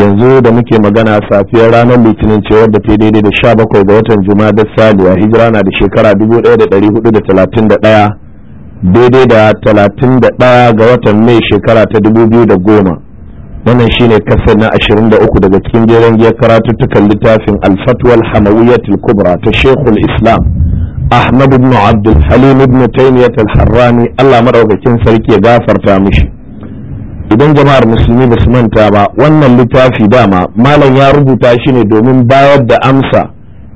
yanzu da muke magana safiyar ranar litinin ce wadda ta daidai da bakwai ga watan juma'a saliya hijira na da shekara 1431 daidai da 31 ga watan mai shekara ta 2010 wannan shine kasar na ashirin uku daga cikin jeren giyar karatuttukan littafin alfatwal hamawiyatul kubra ta shekul islam ahmad ibn abdul halim ibn taymiyyat al-harrani allah madaukakin sarki ya gafarta mishi idan jama'ar musulmi ba su manta ba wannan littafi dama malam ya rubuta shi ne domin bayar da amsa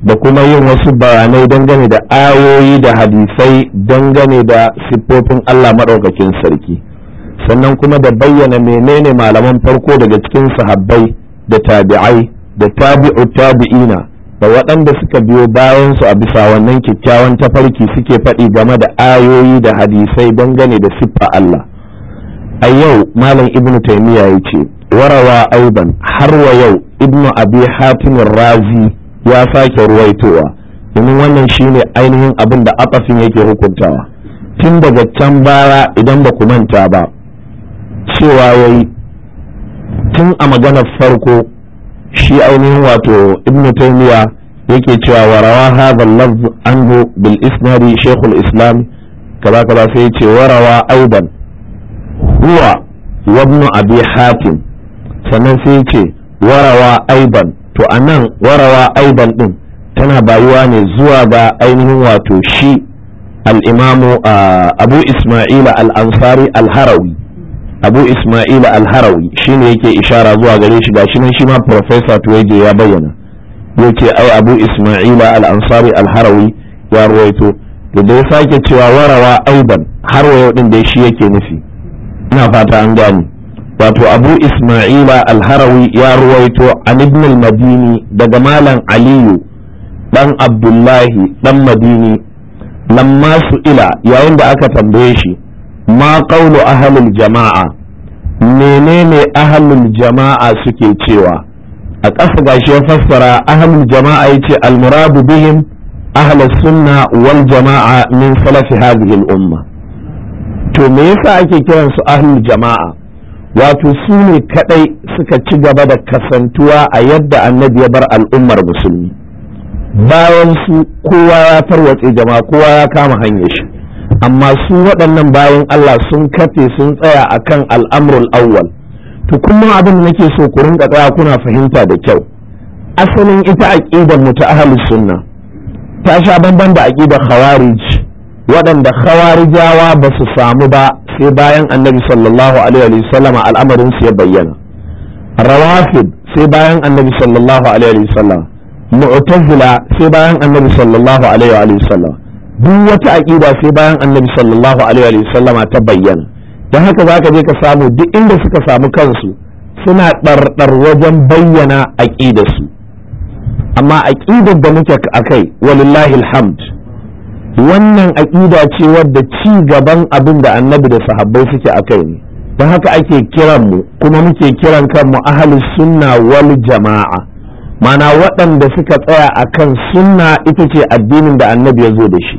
da kuma yin wasu bayanai dangane da ayoyi da hadisai dangane da siffofin Allah maɗaukakin sarki sannan kuma da bayyana menene malaman farko daga cikin sahabbai da tabi'ai da tabi'u tabi'ina da waɗanda suka biyo bayansu a bisa wannan kyakkyawan tafarki suke faɗi game da ayoyi da hadisai dangane da siffa Allah a yau malam ibnu taimiyya ya ce warawa aiban har wa yau ibnu abi hatimin razi ya sake ruwaitowa domin wannan shine ainihin abin da atafin yake hukuntawa tun daga can baya idan ba ku manta ba cewa yayi tun a maganar farko shi ainihin wato ibnu taimiyya yake cewa warawa hadha lafz anhu bil isnadi shaykhul islam kaza kaza sai ya ce warawa aiban zuwa wa ibn abi hatim sannan sai ce warawa aiban to a anan warawa aiban ɗin tana bayuwa ne zuwa ga ainihin wato shi al'imamu abu ismaila al'ansari al-harawi abu ismaila al-harawi shi ne yake ishara zuwa gare shi gashi nan shi ma profesa tuwaije ya bayyana yake ai abu ismaila al-ansari al-harawi ya ruwaito da ya sake cewa warawa aiban har wayo din da shi yake nufi ina fata an wato abu isma'ila alharawi ya ruwaito an ibn madini daga malam aliyu dan abdullahi dan madini lamma ila yayin da aka tambaye shi ma qawlu ahlul jama'a menene ahlul jama'a suke cewa a ƙasa gashi ya fassara ahlul jama'a yace almuradu bihim ahlus sunna wal jama'a min salafi hadhihi al-umma to me yasa ake kiran su ahlul jama'a wato su ne kadai suka ci gaba da kasantuwa a yadda annabi ya bar al'ummar musulmi bayan su kowa ya tarwatse jama'a kowa ya kama hanyar shi amma su waɗannan bayan Allah sun kafe sun tsaya akan al'amrul awwal to kuma abin da nake so ku rinka tsaya kuna fahimta da kyau asalin ita aqidar mu ta ahlus sunna ta sha bamban da aqidar khawarij waɗanda khawarijawa ba su samu ba sai bayan annabi sallallahu alaihi wasallama al'amarin su ya bayyana rawafid sai bayan annabi sallallahu alaihi wasallam mu'tazila sai bayan annabi sallallahu alaihi wasallam duk wata aqida sai bayan annabi sallallahu alaihi wasallama ta bayyana dan haka zaka je ka samu duk inda suka samu kansu suna ɗarɗar wajen bayyana su. amma aqidar da muke akai walillahi alhamd wannan aƙida ce wadda ci gaban abin da annabi da sahabbai suke a kai ne don haka ake kiran mu kuma muke kiran kanmu ahalus sunna wal jama'a mana waɗanda suka tsaya a kan sunna ita ce addinin da annabi ya zo da shi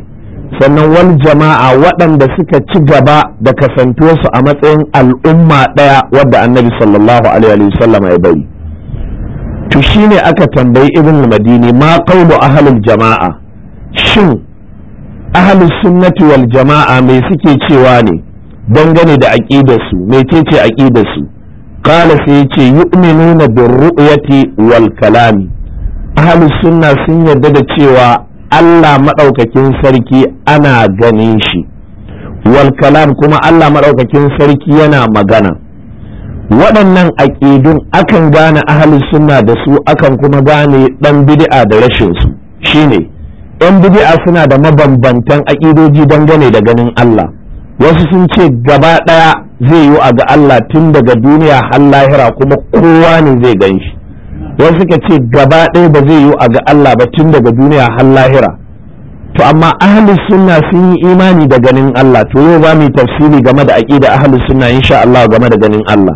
sannan wal jama'a waɗanda suka ci gaba da kasantuwarsu a matsayin al'umma ɗaya wadda annabi sallallahu alaihi wasallam ya bari to shine aka tambayi ibn madini ma qawlu ahalul jama'a shin ahalus sunnati wal jama'a mai suke cewa ne dangane da aqidarsu mecece aqidarsu qala sai yace yu'minuna bir ru'yati wal kalami ahalus sunna sun yarda da cewa Allah madaukakin sarki ana ganin shi wal kalam kuma Allah madaukakin sarki yana magana waɗannan aƙidun akan gane ahalus sunna da su akan kuma gane ɗan bid'a da rashin su shine 'yan bid'a suna da mabambantan aƙidoji dangane da ganin Allah wasu sun ce gaba ɗaya zai yi a ga Allah tun daga duniya har lahira kuma kowa ne zai gan shi wasu suka ce gaba ɗaya ba zai yi a ga Allah ba tun daga duniya har lahira to amma ahli sunna sun yi imani da ganin Allah to yau za mu yi tafsiri game da da ahli sunna insha Allah game da ganin Allah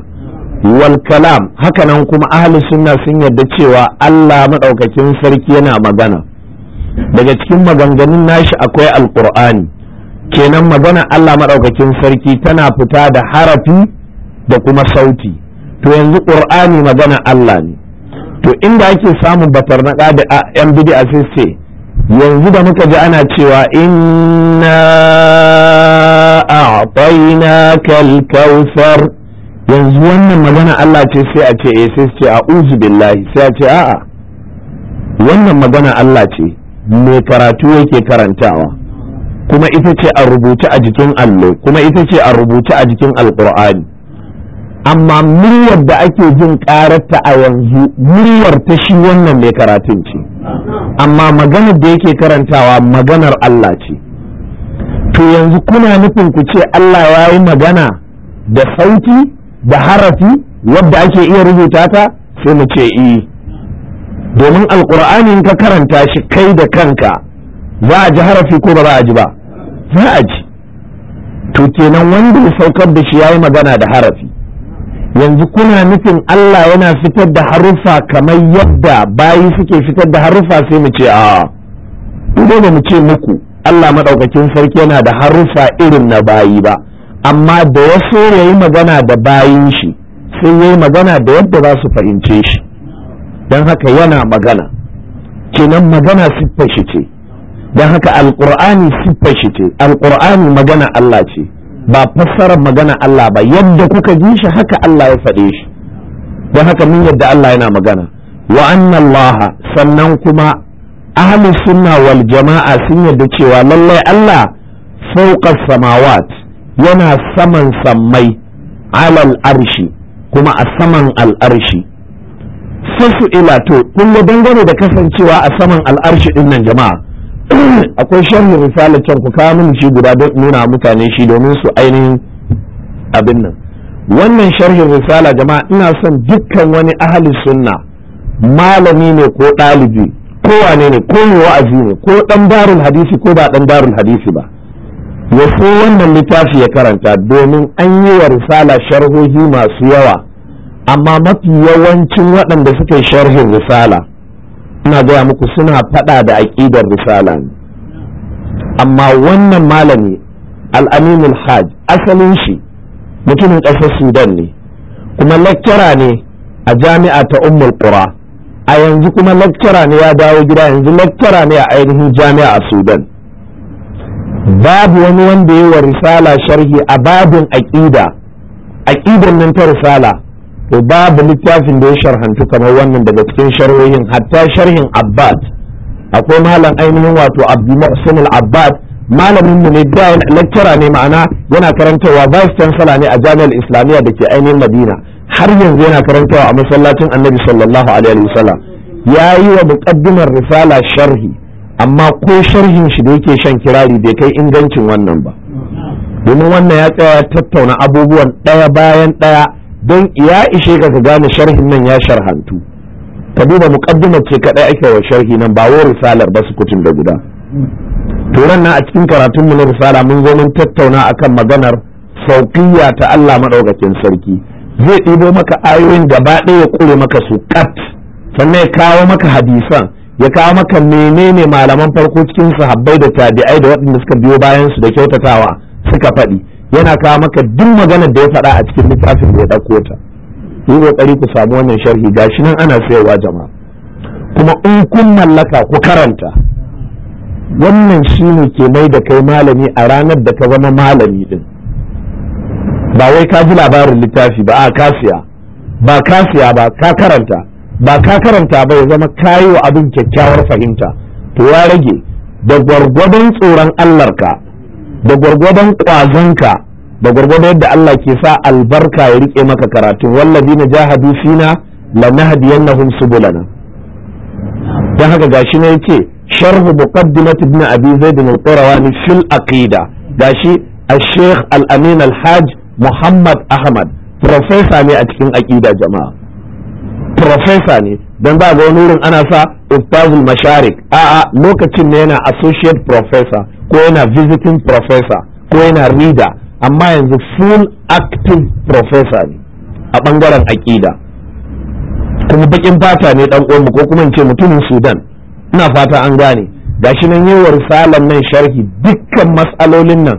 wal kalam hakanan kuma ahli sunna sun yarda cewa Allah maɗaukakin sarki yana magana daga cikin maganganun nashi akwai alkur'ani kenan magana Allah maɗaukakin sarki tana fita da harafi da kuma sauti to yanzu ƙur'ani magana Allah ne to inda ake samun batar na da yan a sai ce yanzu da muka ji ana cewa inna a kal kautsar yanzu wannan magana Allah ce sai a ce eh sai ce a'udhu billahi sai a ce a'a wannan magana Allah ce mai karatu yake karantawa kuma ita ce a rubuce a jikin allo kuma ita ce a rubuce a jikin alkur'ani amma muryar da ake jin karatta a yanzu muryar ta shi wannan mai karatun ce amma maganar da yake karantawa maganar Allah ce to yanzu kuna nufin ku ce Allah ya yi magana da sauti da harafi wadda ake iya rubuta ta sai mu ce i eh. domin alkur'ani ka karanta shi kai da kanka za a ji harafi ko ba za a ji ba za a ji to kenan wanda ya saukar da shi yayi magana da harafi yanzu kuna nufin Allah yana fitar da harufa kamar yadda bayi suke fitar da haruffa sai mu ce a dai ba mu ce muku Allah madaukakin sarki yana da harufa irin na bayi ba amma da ya yayi magana da bayin shi sai yayi magana da yadda za su fahimce shi don haka yana magana kenan magana siffar shi ce don haka alƙur'ani siffar shi ce alƙur'ani magana Allah ce ba fassara magana Allah ba yadda kuka ji shi haka Allah ya faɗe shi don haka mun yadda Allah yana magana wa Allah sannan kuma ahli sunna wal jama'a sun yadda cewa lallai Allah fawqa samawat yana saman sammai alal arshi kuma a saman al'arshi fasu ila to kun ga dangane da kasancewa a saman al'arshi din nan jama'a akwai sharhi risalar can ku kawo mini shi guda don nuna mutane shi domin su ainihin abin nan wannan sharhin risala jama'a ina son dukkan wani ahli sunna malami ne ko ɗalibi ko wane ne ko mai wa'azi ne ko dan darul hadisi ko ba dan darul hadisi ba ya so wannan littafi ya karanta domin an yi wa risala sharhohi masu yawa amma mafi yawancin waɗanda suke sharhin risala ina gaya muku suna faɗa da aƙidar risala ne amma wannan malami al'aminul hajj asalin shi mutumin ƙasar sudan ne kuma lakcara ne a jami'a ta ummul qura a yanzu kuma lakcara ne ya dawo gida yanzu lakcara ne a ainihin jami'a a sudan babu wani wanda yi wa risala sharhi a babin aƙida aƙidar nan ta risala to babu littafin da ya sharhantu kamar wannan daga cikin sharhohin hatta sharhin abbad akwai malam ainihin wato abdu muhsin abbad malamin mu ne da lecturer ne ma'ana yana karantawa vice chancellor ne a jami'ar islamiyya da ke ainihin madina har yanzu yana karantawa a masallacin annabi sallallahu alaihi wasallam ya yi wa muqaddimar risala sharhi amma ko sharhin shi da yake shan kirari bai kai ingancin wannan ba domin wannan ya tsaya tattauna abubuwan ɗaya bayan ɗaya don ya ishe ka gane sharhin nan ya sharhantu ka duba muqaddimar ce kaɗai ake wa sharhi nan ba risalar ba su kutun da guda turan na a cikin karatun mu na risala mun zo mun tattauna akan maganar sauƙiyya ta Allah madaukakin sarki zai ɗibo maka ayoyin gaba ɗaya ya kure maka su kat sannan ya kawo maka hadisan ya kawo maka menene malaman farko cikin sahabbai da tabi'ai da waɗanda suka biyo bayan su da kyautatawa suka faɗi yana kawo maka duk maganar da ya faɗa a cikin littafin da ya ɗauko ta yi ƙoƙari ku samu wannan sharhi gashi nan ana sayarwa jama'a kuma in kun mallaka ku karanta wannan shi ne ke mai da kai malami a ranar da ka zama malami din ba wai ka ji labarin littafi ba a kasiya ba kasiya ba ka karanta ba ka karanta ba ya zama kayo wa abin kyakkyawar fahimta to ya rage da gwargwadon tsoron allarka da gwargwadon ƙwazonka da gwargwadon yadda Allah ke sa albarka ya rike maka karatu wallazi na jahadu fina lanahdiyannahum subulana dan haka gashi ne yace sharh muqaddimat ibn abi zaid al-qurawani fil aqida gashi al-sheikh al-amin al muhammad ahmad professor ne a cikin aqida jama'a professor ne Don za ga wani wurin ana sa ustazul masharik a'a lokacin ne yana associate professor ko yana visiting professor ko yana reader amma yanzu full active professor ne a bangaren aƙida kuma bakin fata ne dan uwanmu ko kuma in ce mutumin sudan ina fata an gane shi nan yi risalan nan sharhi dukkan matsalolin nan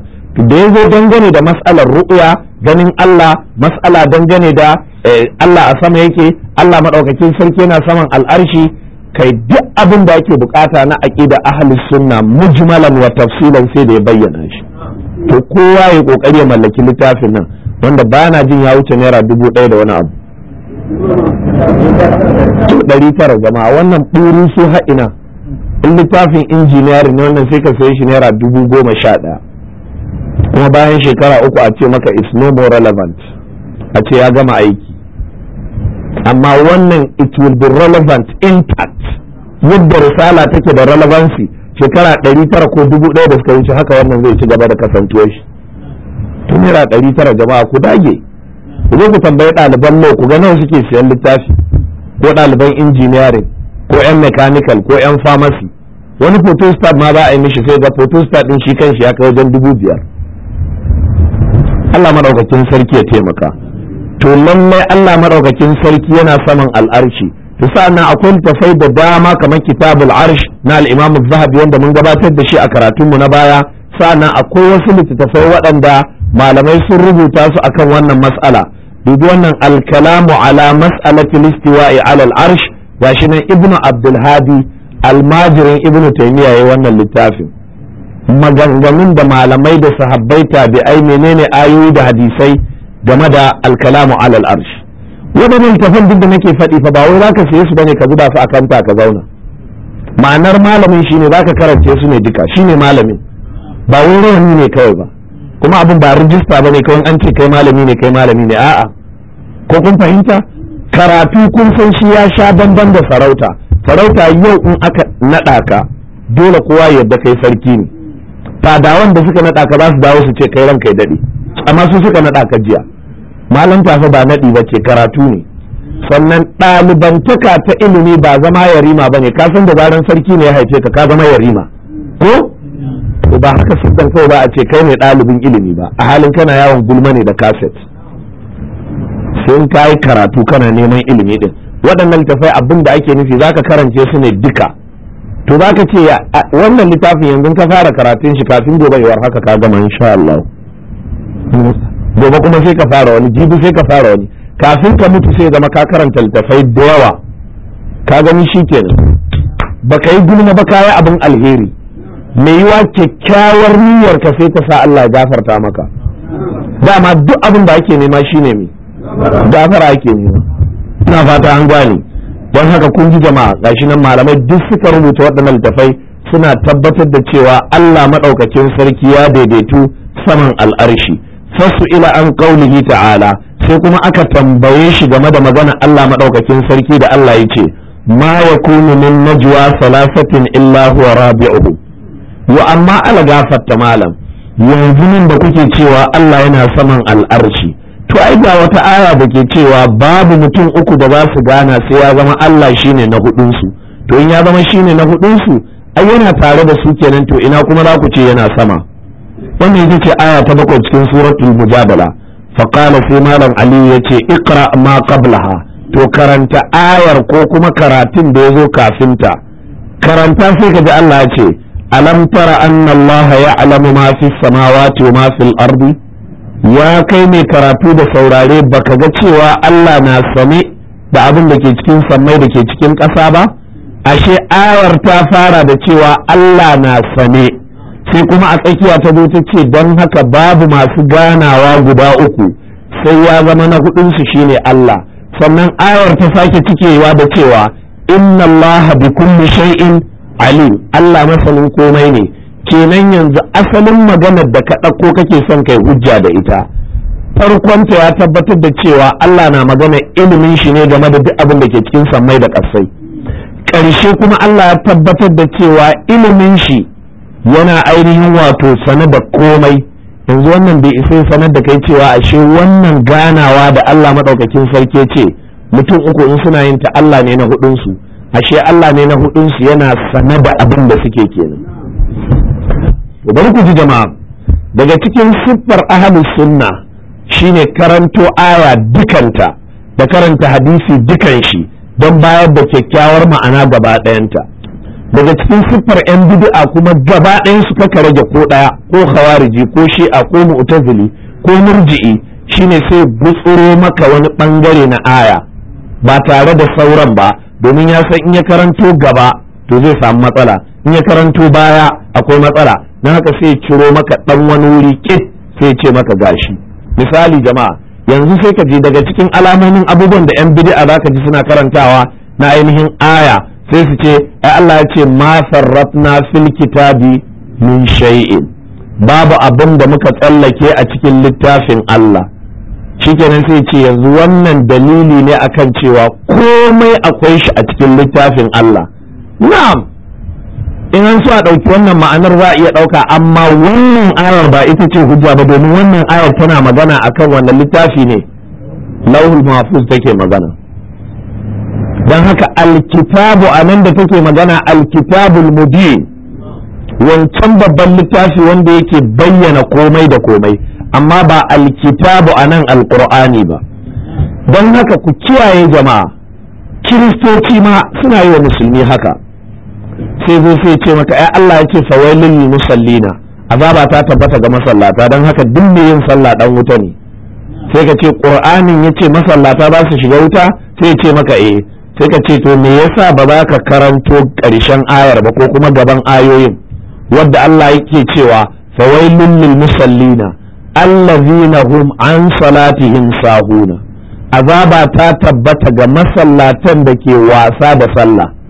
da ya zo dangane da matsalar ru'ya ganin Allah mas'ala dangane da eh, Allah a sama yake Allah maɗaukakin sarki yana saman al'arshi kai duk abin da yake bukata na aqida ahli sunna mujmalan wa tafsilan sai da ya bayyana shi to kowa ya kokari ya mallaki littafin nan wanda bana jin ya wuce naira dubu ɗaya da wani abu ɗari tara jama'a wannan ɓuri su ha'ina in littafin injiniyar ne wannan sai ka sayi shi naira dubu goma sha ɗaya kuma bayan shekara uku a ce maka it's no more relevant a ce ya gama aiki amma wannan it will be relevant impact yadda risala take da relevancy shekara ɗari tara ko dubu ɗaya da suka wuce haka wannan zai ci gaba da kasantuwa shi tun yana ɗari tara jama'a ku dage ku zo ku tambayi ɗaliban mai ku ga nawa suke siyan littafi ko ɗaliban injiniyarin ko 'yan mechanical ko 'yan famasi. wani photostat ma za a yi mishi sai ga photostat ɗin shi kanshi ya kai wajen dubu biyar Allah madaukakin sarki ya taimaka to lallai Allah maɗaukakin sarki yana saman al'arshi to sa'annan akwai littafai da dama kamar kitabul arsh na al-imam zahabi wanda mun gabatar da shi a karatunmu na baya sa'annan akwai wasu littattafai waɗanda malamai sun rubuta su akan wannan mas'ala dubi wannan al-kalamu ala mas'alati istiwa'i ala al-arsh gashi nan ibnu abdul hadi almajirin ibnu taymiya ya wannan littafin maganganun da malamai da sahabbai tabi'ai menene ayoyi da hadisai game da alkalamu alal arsh Wadannan tafan duk da nake faɗi fa ba wai zaka siye su bane ka zuba su a kanta ka zauna ma'anar malamin shine zaka karance su ne duka shine malamin ba wai rawani ne kawai ba kuma abin ba rijista bane kawai an ce kai malami ne kai malami ne a'a ko kun fahimta karatu kun san shi ya sha dandan da sarauta sarauta yau in aka naɗa ka dole kowa yadda kai sarki ne fadawan da suka naɗa ka za su dawo su ce kai ranka ya daɗe amma su suka naɗa ka jiya malam tafa ba naɗi ba ce karatu ne sannan ɗalibantaka ta ilimi ba zama yarima ba ne ka san da zaran sarki ne ya haife ka ka zama yarima ko ba haka siddan kawai ba a ce kai ne ɗalibin ilimi ba a halin kana yawon gulma ne da kaset sai ka karatu kana neman ilimi din waɗannan tafai abin da ake nufi zaka karance su ne duka to za ka ce wannan littafin yanzu ka fara karatun shi kafin gobe yawar haka ka gama insha Allah gobe kuma sai ka fara wani jibi sai ka fara wani kafin ka mutu sai zama ka karanta littafai da yawa ka gani shi kenan ka yi gulma ba kaya abin alheri mai yiwa kyakkyawar niyyar ka sai ta sa Allah gafarta maka dama duk abin da ake nema shi ne mai gafara ake nema ina fata an gane don haka kun ji jama'a gashi nan malamai duk suka rubuta waɗannan littafai suna tabbatar da cewa Allah maɗaukakin sarki ya daidaitu saman al'arshi fasu ila an qaulihi ta'ala sai kuma aka tambaye shi game da magana Allah maɗaukakin sarki da Allah ya ce ma kunu min najwa salasatin illa huwa rabi'uhu wa amma alaga gafatta malam yanzu nan da kuke cewa Allah yana saman al'arshi to ai ga wata aya da ke cewa babu mutum uku da za su gana sai ya zama Allah shine na hudunsu to in ya zama shine na hudunsu ai yana tare da su kenan to ina kuma za ku ce yana sama wannan yake ce aya ta bakwai cikin suratul mujadala fa qala fi malam ali yace iqra ma qablaha to karanta ayar ko kuma karatun da yazo kafin ta karanta sai ka ji Allah ya ce alam tara anna allaha ya'lamu ma fi samawati wa ma fil ardi ya kai mai karatu da saurare baka ga cewa Allah na same da abin da ke cikin sammai da ke cikin ƙasa ba ashe ayar ta fara da cewa Allah na same sai kuma a tsakiya ta zo ta ce don haka babu masu ganawa guda uku sai ya zama na hudunsu shine Allah sannan ayar ta sake cikewa da cewa inna Allah bi kulli shay'in alim Allah masanin komai ne kenan yanzu asalin maganar da ka ɗauko kake son kai hujja da ita farkonta ya tabbatar da cewa Allah na magana ilimin shi ne game da duk abin da ke cikin sammai da ƙasai ƙarshe kuma Allah ya tabbatar da cewa ilimin shi yana ainihin wato sane da komai yanzu wannan bai isa sanar da kai cewa ashe wannan ganawa da Allah maɗaukakin sarki ce mutum uku in suna yin ta Allah ne na hudunsu ashe Allah ne na hudunsu yana sane da abin da suke kenan to ku ji jama'a daga cikin siffar ahlus sunna shine karanto aya dukanta da karanta hadisi dukan shi don bayar da kyakkyawar ma'ana gaba ɗayanta daga cikin siffar 'yan bid'a kuma gaba ɗayan su kaka rage ko ɗaya ko khawariji ko shi'a ko mu'tazili ko murji'i shine sai gutsuro maka wani bangare na aya ba tare da sauran ba domin ya san in ya karanto gaba to zai samu matsala in ya karanto baya akwai matsala na haka sai ciro maka ɗan wani wuri kit sai ce maka gashi misali jama'a yanzu sai ka je daga cikin alamomin abubuwan da yan bid'a zaka ji suna karantawa na ainihin aya sai su ce ai Allah ya ce ma sarrafna fil kitabi min shay'in babu abin da muka tsallake a cikin littafin Allah shikenan sai ce yanzu wannan dalili ne akan cewa komai akwai shi a cikin littafin Allah na'am in an so a ɗauki wannan ma'anar za a iya ɗauka amma wannan ayar ba ita ce hujja ba domin wannan ayar tana magana akan wannan littafi ne lauhul mahfuz take magana don haka alkitabu a nan da take magana alkitabul mubin wancan babban littafi wanda yake bayyana komai da komai amma ba alkitabu a nan alkur'ani ba don haka ku kiyaye jama'a kiristoci ma suna yi wa musulmi haka sai zo sai ce mata ai Allah yake fawailin lil musallina azaba ta tabbata ga masallata dan haka duk mai yin sallah dan wuta ne sai ka ce qur'anin yace masallata ba su shiga wuta sai ya ce maka eh sai ka ce to me yasa ba za ka karanto ƙarshen ayar ba ko kuma gaban ayoyin wadda Allah yake cewa fawailun lil musallina allazina hum an salatihim sahuna azaba ta tabbata ga masallatan da ke wasa da sallah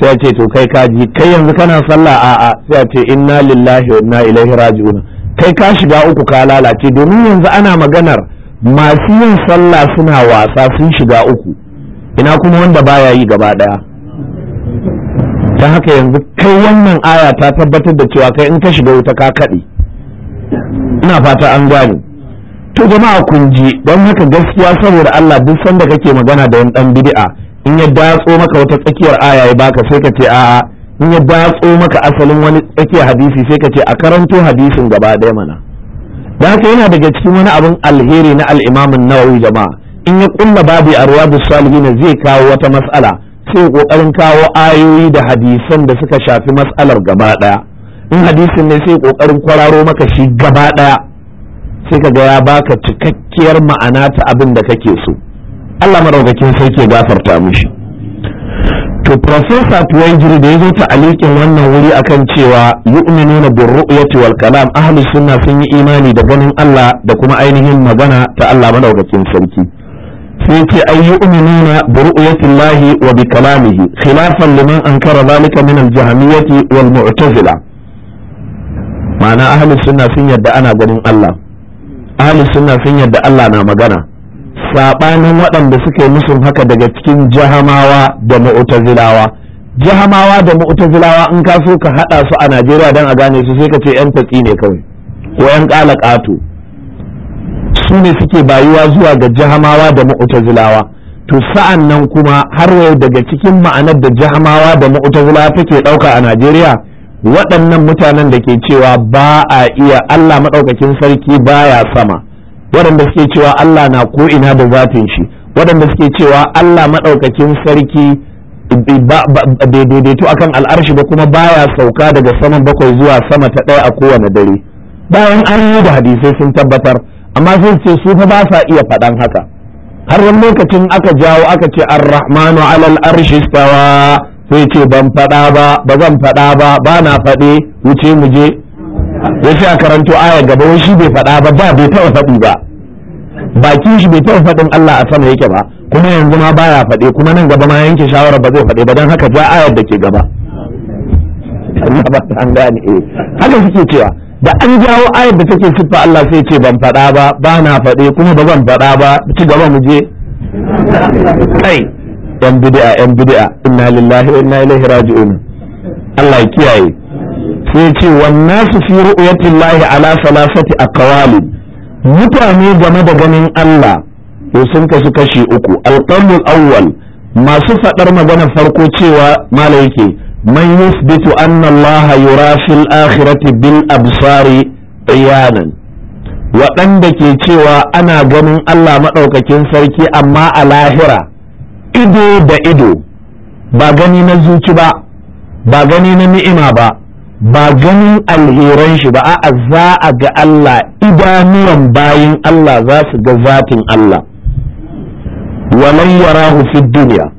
sai ce to kai kaji kai yanzu kana sallah a'a sai ce inna lillahi wa inna ilaihi raji'un kai ka shiga uku ka lalace domin yanzu ana maganar masu yin sallah suna wasa sun shiga uku ina kuma wanda baya yi gaba daya dan haka yanzu kai wannan aya ta tabbatar da cewa kai in ka shiga wuta ka kade ina fata an gane to jama'a kun ji don haka gaskiya saboda Allah duk sanda kake magana da wani dan bid'a in ya datso maka wata tsakiyar aya ya baka sai ka ce a'a in ya datso maka asalin wani tsakiyar hadisi sai ka ce a karanto hadisin gaba ɗaya mana da haka yana daga cikin wani abin alheri na al'imamin nawawi jama'a in ya kulla babu a riyadu na zai kawo wata matsala sai ya kokarin kawo ayoyi da hadisan da suka shafi matsalar gaba ɗaya in hadisin ne sai kokarin kwararo maka shi gaba ɗaya sai ka ga ya baka cikakkiyar ma'ana ta abin da kake so Allah madaukakin sarki ya gafarta mishi to Profesa tuwaijiri da ya zo ta alikin wannan wuri akan cewa yu'minuna bin ru'yati wal kalam ahlus sunna sun yi imani da ganin Allah da kuma ainihin magana ta Allah madaukakin sarki sai ce ay na bi ru'yatillahi wa bi kalamihi khilafan liman ankara zalika min al jahmiyyati wal mu'tazila ma'ana ahlus sunna sun yadda ana ganin Allah ahlus sunna sun yadda Allah na magana saɓanin waɗanda suke yi musun haka daga cikin jahamawa da mu'tazilawa jahamawa da mu'tazilawa in ka so ka haɗa su a najeriya don a gane su sai ka ce yan tatsi ne kawai ko yan ƙala su ne suke bayuwa zuwa ga jahamawa da mu'tazilawa to sa'an nan kuma har yau daga cikin ma'anar da jahamawa da mu'tazilawa take ɗauka a najeriya waɗannan mutanen da ke cewa ba a iya Allah maɗaukakin sarki baya sama waɗanda suke cewa Allah na ko ina da zafin shi waɗanda suke cewa Allah maɗaukakin sarki daidaito akan al'arshi ba kuma baya sauka daga saman bakwai zuwa sama ta ɗaya a kowane dare bayan an yi da hadisai sun tabbatar amma sun ce su fa ba sa iya faɗan haka har wani lokacin aka jawo aka ce ar-rahmanu alal arshi stawa sai ce ban faɗa ba ba zan faɗa ba ba na faɗe wuce mu je ya sai a karanto aya gaba wai shi bai faɗa ba ba bai taɓa faɗi ba baki shi bai taɓa faɗin Allah a sama yake ba kuma yanzu ma baya faɗe kuma nan gaba ma yanke shawara ba zai faɗe ba don haka ja ayar da ke gaba Allah ba ta an gane eh haka suke cewa da an jawo ayar da take siffa Allah sai ce ban faɗa ba ba na faɗe kuma ba zan faɗa ba ci gaba mu je kai yan bid'a yan bid'a inna lillahi wa inna ilaihi raji'un Allah ya kiyaye sai ce wannan su fi ru'yatin lahi ala salasati aqwali mutane game da ganin Allah to sun kasu kashi uku alqamul awwal masu fadar magana farko cewa mala man yusbitu anna Allah yura fil akhirati bil absari iyanan waɗanda ke cewa ana ganin Allah maɗaukakin sarki amma a lahira ido da ido ba gani na zuci ba ba gani na ni'ima ba ba ganin alheran shi ba a'a za a ga Allah idanuwan bayan Allah za su ga zatin Allah walan yarahu fi duniya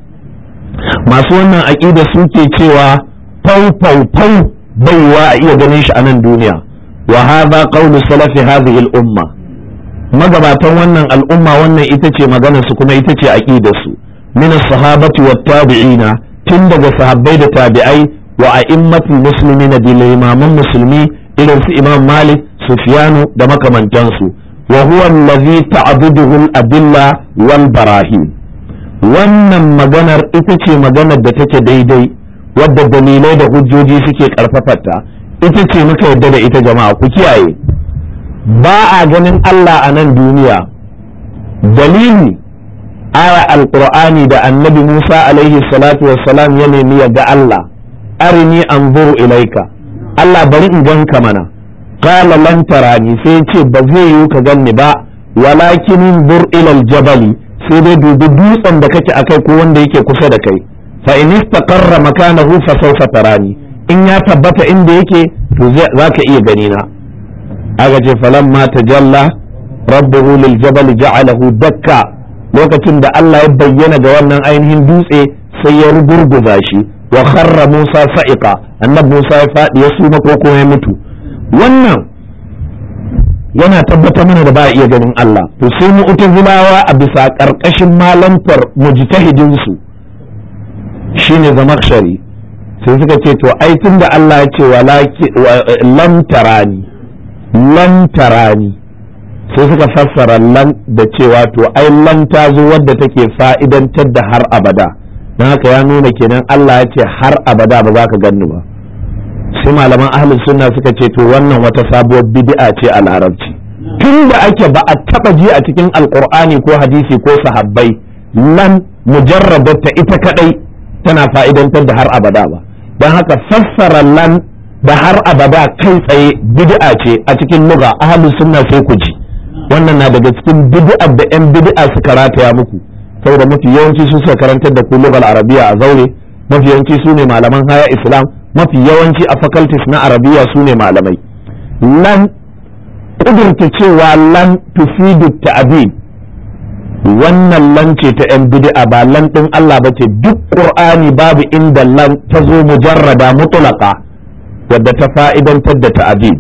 masu wannan aƙida suke cewa fau fau fau baiwa a iya ganin shi a nan duniya wa hadha qawlu salafi hadhihi al-umma magabatan wannan al'umma wannan ita ce maganar su kuma ita ce aƙidar su min as-sahabati wat-tabi'ina tun daga sahabbai da tabi'ai wa a'immatul musulmi da limaman musulmi irin su imam malik sufyanu da makamantansu wa huwa allazi ta'buduhu al-adilla wal barahim wannan maganar ita ce maganar da take daidai wadda dalilai da hujjoji suke karfafata ita ce muka yadda da ita jama'a ku kiyaye ba a ganin Allah a nan duniya dalili aya alqur'ani da annabi Musa alaihi salatu wassalam ya nemi ya ga Allah arini anzuru ilaika Allah bari in gan ka mana qala lan tarani sai ce ba zai yiwu ka ganni ba walakin bur ilal jabali sai dai dubi dutsen da kake akai ko wanda yake kusa da kai fa in istaqarra makanahu fa sawfa tarani in ya tabbata inda yake to zaka iya gani na aga ce ma tajalla rabbuhu lil jabal ja'alahu dakka lokacin da Allah ya bayyana ga wannan ainihin dutse sai ya rugurguza shi wa kharra Musa sa'iqa annabi Musa ya faɗi ya suma ko kuma ya mutu wannan yana tabbatar mana da ba iya ganin Allah to sai mu a bisa karkashin malamtar mujtahidin su shine zamakshari sai suka ce to ai tunda Allah ya ce walaki lam tarani lam tarani sai suka fassara lan da cewa to ai lan ta zo wadda take fa'idantar da har abada don haka ya nuna kenan Allah ya ce har abada ba za ka ganni ba sai malaman ahli sunna suka ce to wannan wata sabuwar bid'a ce a larabci tun da ake ba a taba ji a cikin alkur'ani ko hadisi ko sahabbai lan mujarrabata ita kadai tana fa'idantar da har abada ba don haka fassara lan da har abada kai tsaye bid'a ce a cikin lugha ahlus sunna sai ku ji wannan na daga cikin bid'a da yan bid'a suka rataya muku saboda mafi yawanci su suka karantar da ku lugal arabiya a zaure mafi yawanci su ne malaman haya islam mafi yawanci a faculties na arabiya su ne malamai lan kudurta cewa lan tufidu ta'abin wannan lan ce ta yan bid'a ba lan din Allah ba ce duk qur'ani babu inda lan ta zo mujarrada mutlaqa wadda ta fa'idantar da ta'abid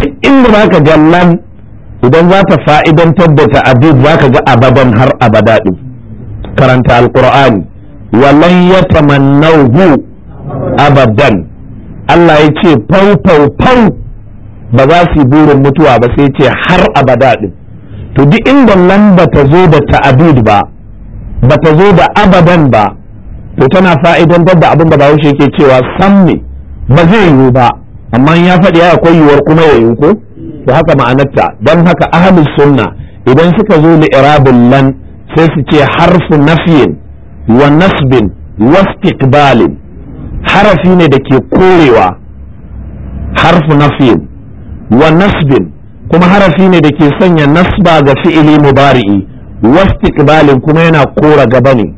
duk inda ka ga lan idan za ta fa'idantar da ta'abid za ka ga ababen har abada ɗin karanta alkur'ani walan ya tamannahu abadan Allah ya ce fau fau fau ba za su yi burin mutuwa ba sai ce har abada ɗin to duk inda nan ba ta zo da ta'abid ba ba ta zo da abadan ba to tana fa'idantar da abin da ba yake cewa sam ne ba zai yiwu ba amma ya faɗi ya akwai yiwuwar kuma ya yiwu ko to haka ma'anarta don haka ahlus sunna idan suka zo li irabul lan sai su ce harfu nafiyin wa nasbin wa istiqbalin harafi ne da ke korewa harfu nafiyin wa nasbin kuma harafi ne da ke sanya nasba ga fi'ili mubari'i wa istiqbalin kuma yana kora gaba ne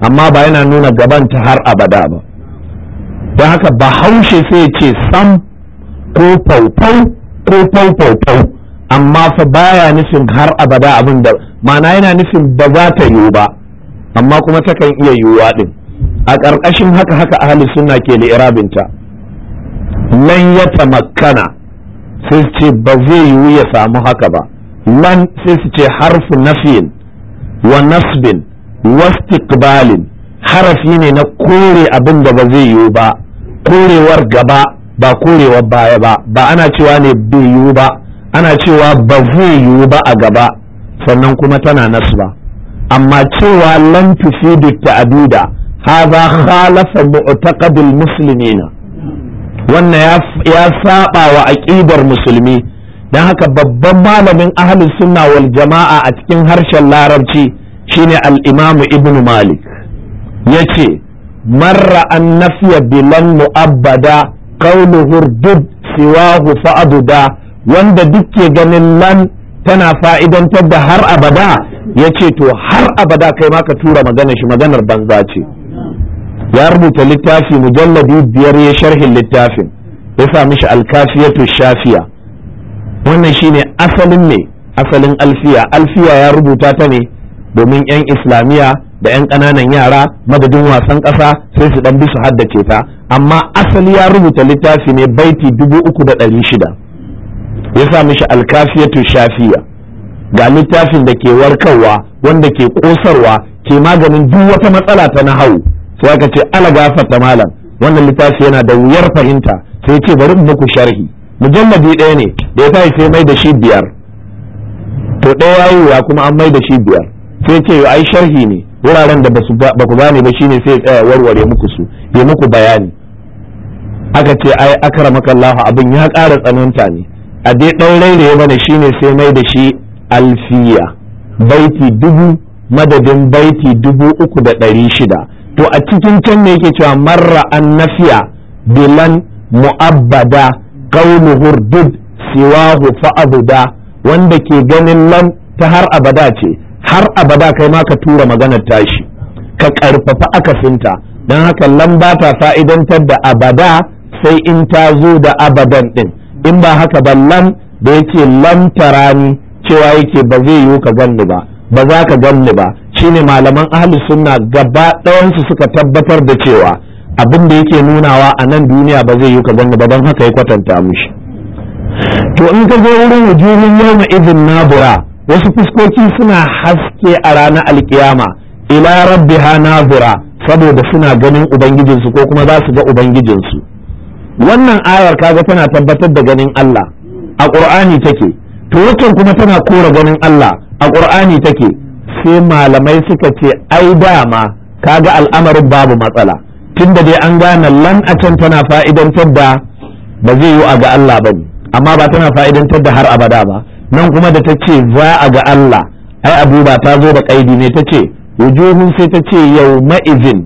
amma ba yana nuna gaban ta har abada ba don haka bahaushe sai ce sam ko faufau ko tautautau amma fa baya nufin har abada abin da ma'ana yana nufin ba za ta yiwu ba amma kuma takan iya yiwuwa din a ƙarƙashin haka haka ahli sunna ke li'irabinta lan ya makana sai su ce ba zai yiwu ya samu haka ba lan sai su ce harfu nafiyin wa nasbin wa istiqbalin harafi ne na kore abin da ba zai yiwu ba korewar gaba ba korewa baya ba ba ana cewa ne bai yiwu ba ana cewa ba zai yiwu ba a gaba sannan kuma tana nasba amma cewa lan tufidu ta'duda hadha khalafa mu'taqadul muslimina wannan ya saba wa aqidar musulmi dan haka babban malamin ahlus sunna wal jama'a a cikin harshen larabci shine al-imam ibn malik yace marra an nafiya bilan mu'abbada qawluhu dud siwahu fa'abuda wanda dukke ganin lan tana fa'idantar da har abada ya ce to har abada kai ma ka tura maganar shi maganar banza ce ya rubuta littafi mujalladi biyar ya sharhin littafin ya sa mishi alkafiyatu shafiya wannan shine asalin ne asalin alfiya alfiya ya rubuta ta ne domin 'yan islamiyya da 'yan ƙananan yara madadin wasan ƙasa sai su ɗan bi su haddace ta amma asali ya rubuta littafi ne baiti dubu uku da ɗari shida ya sa mishi alkafiyatu shafiya ga littafin da ke warkarwa wanda ke ƙosarwa ke maganin duk wata matsala ta na hau sai aka ce ala gafarta malam wannan littafi yana da wuyar fahimta sai ce bari in muku sharhi mujallabi ɗaya ne da ya tashi sai mai da shi biyar to ɗaya yayi ya kuma an mai da shi biyar sai ce ai sharhi ne wuraren da ba ku gane ba shine sai ya tsaya warware muku su ya muku bayani aka ce ai akramakallahu abin ya ƙara tsananta ne a dai ɗan rairaye mana shine sai mai da shi alfiya baiti dubu madadin baiti dubu uku da ɗari shida to a cikin can ne yake cewa marra an nafiya bilan mu'abbada qawlu hurdud siwahu fa'abuda wanda ke ganin lam ta har abada ce har abada kai ma ka tura maganar tashi ka karfafa akasinta don haka lam ba ta fa'idantar da abada sai in ta zo da abadan din in ba haka ba lam da yake lantara ni cewa yake ba zai yiwu ka ganni ba ba za ka ganni ba shine malaman ahli sunna gaba ɗawansu suka tabbatar da cewa abin da yake nunawa a nan duniya ba zai yiwu ka ganni ba don haka ya kwatanta mushi to in ka zo wurin wujuhun yawma izin nabura wasu fuskoki suna haske a ranar alkiyama ila rabbiha nabura saboda suna ganin ubangijinsu ko kuma za su ga ubangijinsu wannan ayar kaga tana tabbatar da ganin Allah a Qur'ani take to wancan kuma tana kora ganin Allah a Qur'ani take sai malamai suka ce ai dama kaga al'amarin babu matsala tunda dai an gane lan a can tana fa'idantar da ba zai yi a ga Allah ba amma ba tana fa'idantar da har abada ba nan kuma da ta ce za a ga Allah ai abuba ta zo da kaidi ne ta ce wujuhun sai ta ce yau ma'izin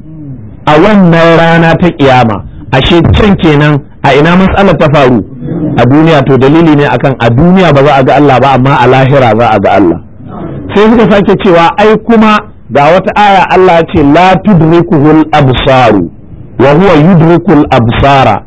a wannan rana ta kiyama ashe can kenan a ina matsalar ta faru a duniya to dalili ne akan a duniya ba za a ga Allah ba amma a lahira za a ga Allah sai suka sake cewa ai kuma ga wata aya Allah ce la tudrikuhul absaru wa huwa yudrikul absara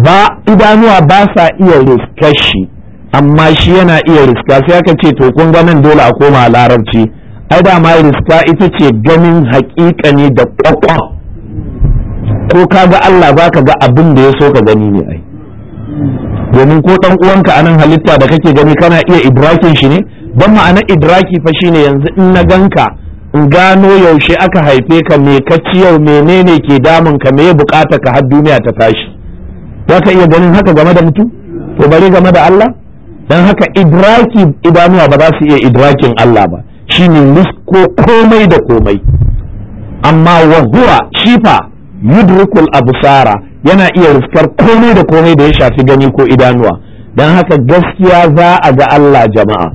ba idanuwa ba sa iya riskashi amma shi yana iya riska sai aka ce to kun nan dole a koma larabci ai da ma riska ita ce ganin haƙiƙani da kwakwa ko ka ga Allah za ka ga abin da ya so ka gani ne ai domin ko dan uwanka anan halitta da kake gani kana iya idrakin shi ne ban ma'ana idraki fa shine yanzu in na ganka in gano yaushe aka haife ka me ka ci yau menene ke damun ka me bukata ka har duniya ta tashi za ka iya ganin haka game da mutum to bari game da Allah dan haka idraki idanuwa ba za su iya idrakin Allah ba shine musko komai da komai amma wa huwa shifa yudrikul absara yana iya rufar komai da komai da ya shafi gani ko idanuwa don haka gaskiya za a ga Allah jama'a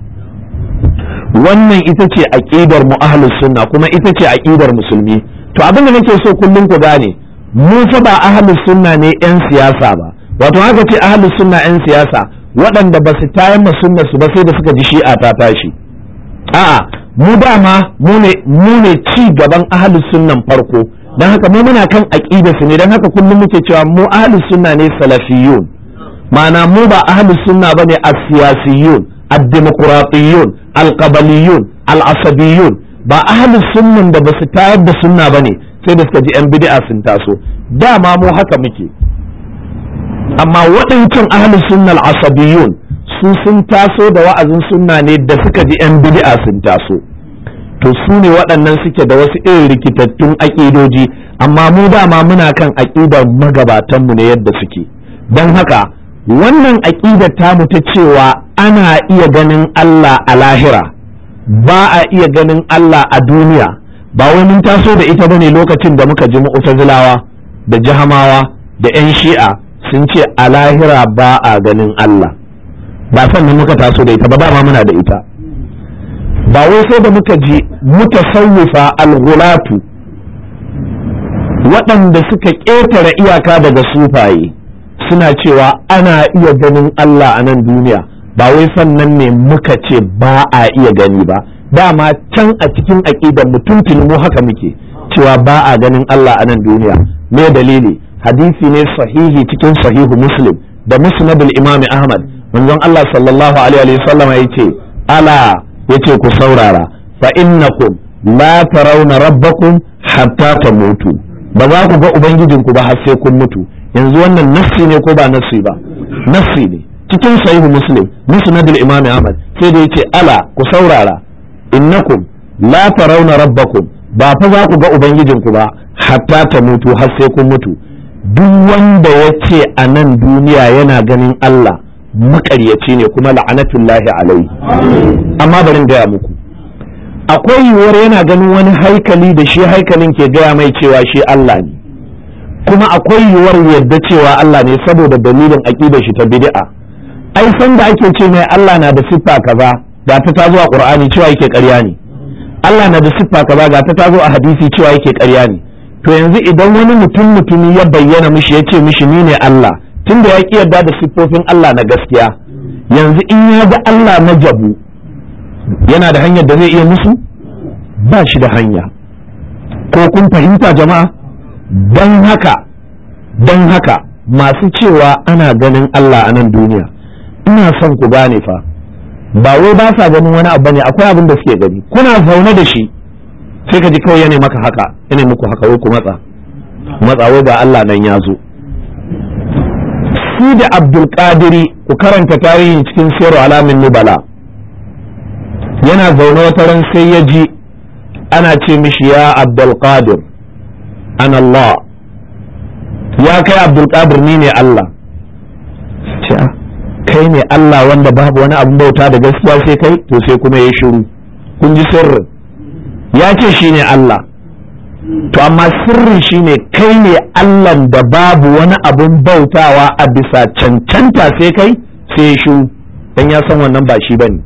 wannan ita ce aqidar mu ahlus sunna kuma ita ce aqidar musulmi to abin da nake so kullum ku gane mu fa ba ahlus sunna ne yan siyasa ba wato haka ce ahlus sunna yan siyasa waɗanda ba su tayar ma sunna su ba sai da suka ji shi'a ta tashi a'a mu dama mu ne mu ne ci gaban ahlus sunnan farko don haka mu muna kan aƙida su ne don haka kullum muke cewa mu ahlus sunna ne salafiyun ma'ana mu ba ahlus sunna bane a siyasiyun ad-demokratiyun al-qabaliyun ba ahlus sunnan da basu tayar da sunna bane sai da suka ji yan bid'a sun taso dama mu haka muke amma waɗancan ahlus sunna al-asabiyun su sun taso da wa'azin sunna ne da suka ji yan bid'a sun taso to su ne waɗannan suke da wasu irin rikitattun aƙidoji amma mu dama muna kan aƙidar magabatanmu ne yadda suke don haka wannan aƙidar tamu ta cewa ana iya ganin Allah a lahira ba a iya ganin Allah a duniya ba wai mun taso da ita bane lokacin da muka ji mu'tazilawa da jahamawa da 'yan shi'a sun ce a lahira ba a ganin Allah ba sannan muka taso da ita ba ma muna da ita ba wai sai da muka je mutasawwifa al-ghulatu waɗanda suka ƙetare iyaka daga sufaye suna cewa ana iya ganin Allah a nan duniya ba wai sannan ne muka ce ba a iya gani ba dama can a cikin aƙidar mutuntun mu haka muke cewa ba a ganin Allah a nan duniya me dalili hadisi ne sahihi cikin sahihu muslim da musnadul imami ahmad manzon Allah sallallahu alaihi wasallam yace ala yace ku saurara fa innakum la tarawna rabbakum hatta tamutu ba za ku ga ubangijinku ba har sai kun mutu yanzu wannan nassi ne ko ba nassi ba nassi ne cikin sahihu muslim musnad al-imam ahmad sai da yace ala ku saurara innakum la tarawna rabbakum ba fa za ku ga ubangijinku ba hatta tamutu mutu har sai kun mutu duk wanda yace a nan duniya yana ganin Allah makaryaci ne kuma lahi alaihi amma barin gaya muku akwai yiwuwar yana ganin wani haikali da shi haikalin ke gaya mai cewa shi Allah ne kuma akwai yiwuwar yarda cewa Allah ne saboda dalilin aƙidar shi ta bid'a ai san da ake ce mai Allah na da siffa kaza ga ta ta zo a Qur'ani cewa yake ƙarya ne Allah na da siffa kaza ga ta ta zo a hadisi cewa yake ƙarya ne to yanzu idan wani mutum mutumi ya bayyana mishi ya ce mishi ni ne Allah tun da ya ƙi yarda da siffofin Allah na gaskiya yanzu in ya ga Allah na jabu yana da hanyar da zai iya musu ba shi da hanya ko kun fahimta jama'a don haka don haka masu cewa ana ganin Allah a nan duniya ina son ku gane fa ba wai ba sa ganin wani abu ne akwai abin da suke gani kuna zaune da shi sai ka ji kawai yana maka haka yana muku haka wai ku matsa matsa wai ga Allah nan ya zo shi da abdul qadiri ku karanta tarihin cikin siru alamin nubala yana zaune wata ran sai ya ji ana ce mishi ya abdul qadir an Allah ya kai abdul qadir ni ne Allah ah, kai ne Allah wanda babu wani abin bauta da gaskiya sai kai to sai kuma ya shiru kun ji sirrin ya ce shi ne Allah to amma sirri shine kai ne allan da babu wani abun bautawa a bisa cancanta sai kai sai shu dan ya san wannan ba shi bane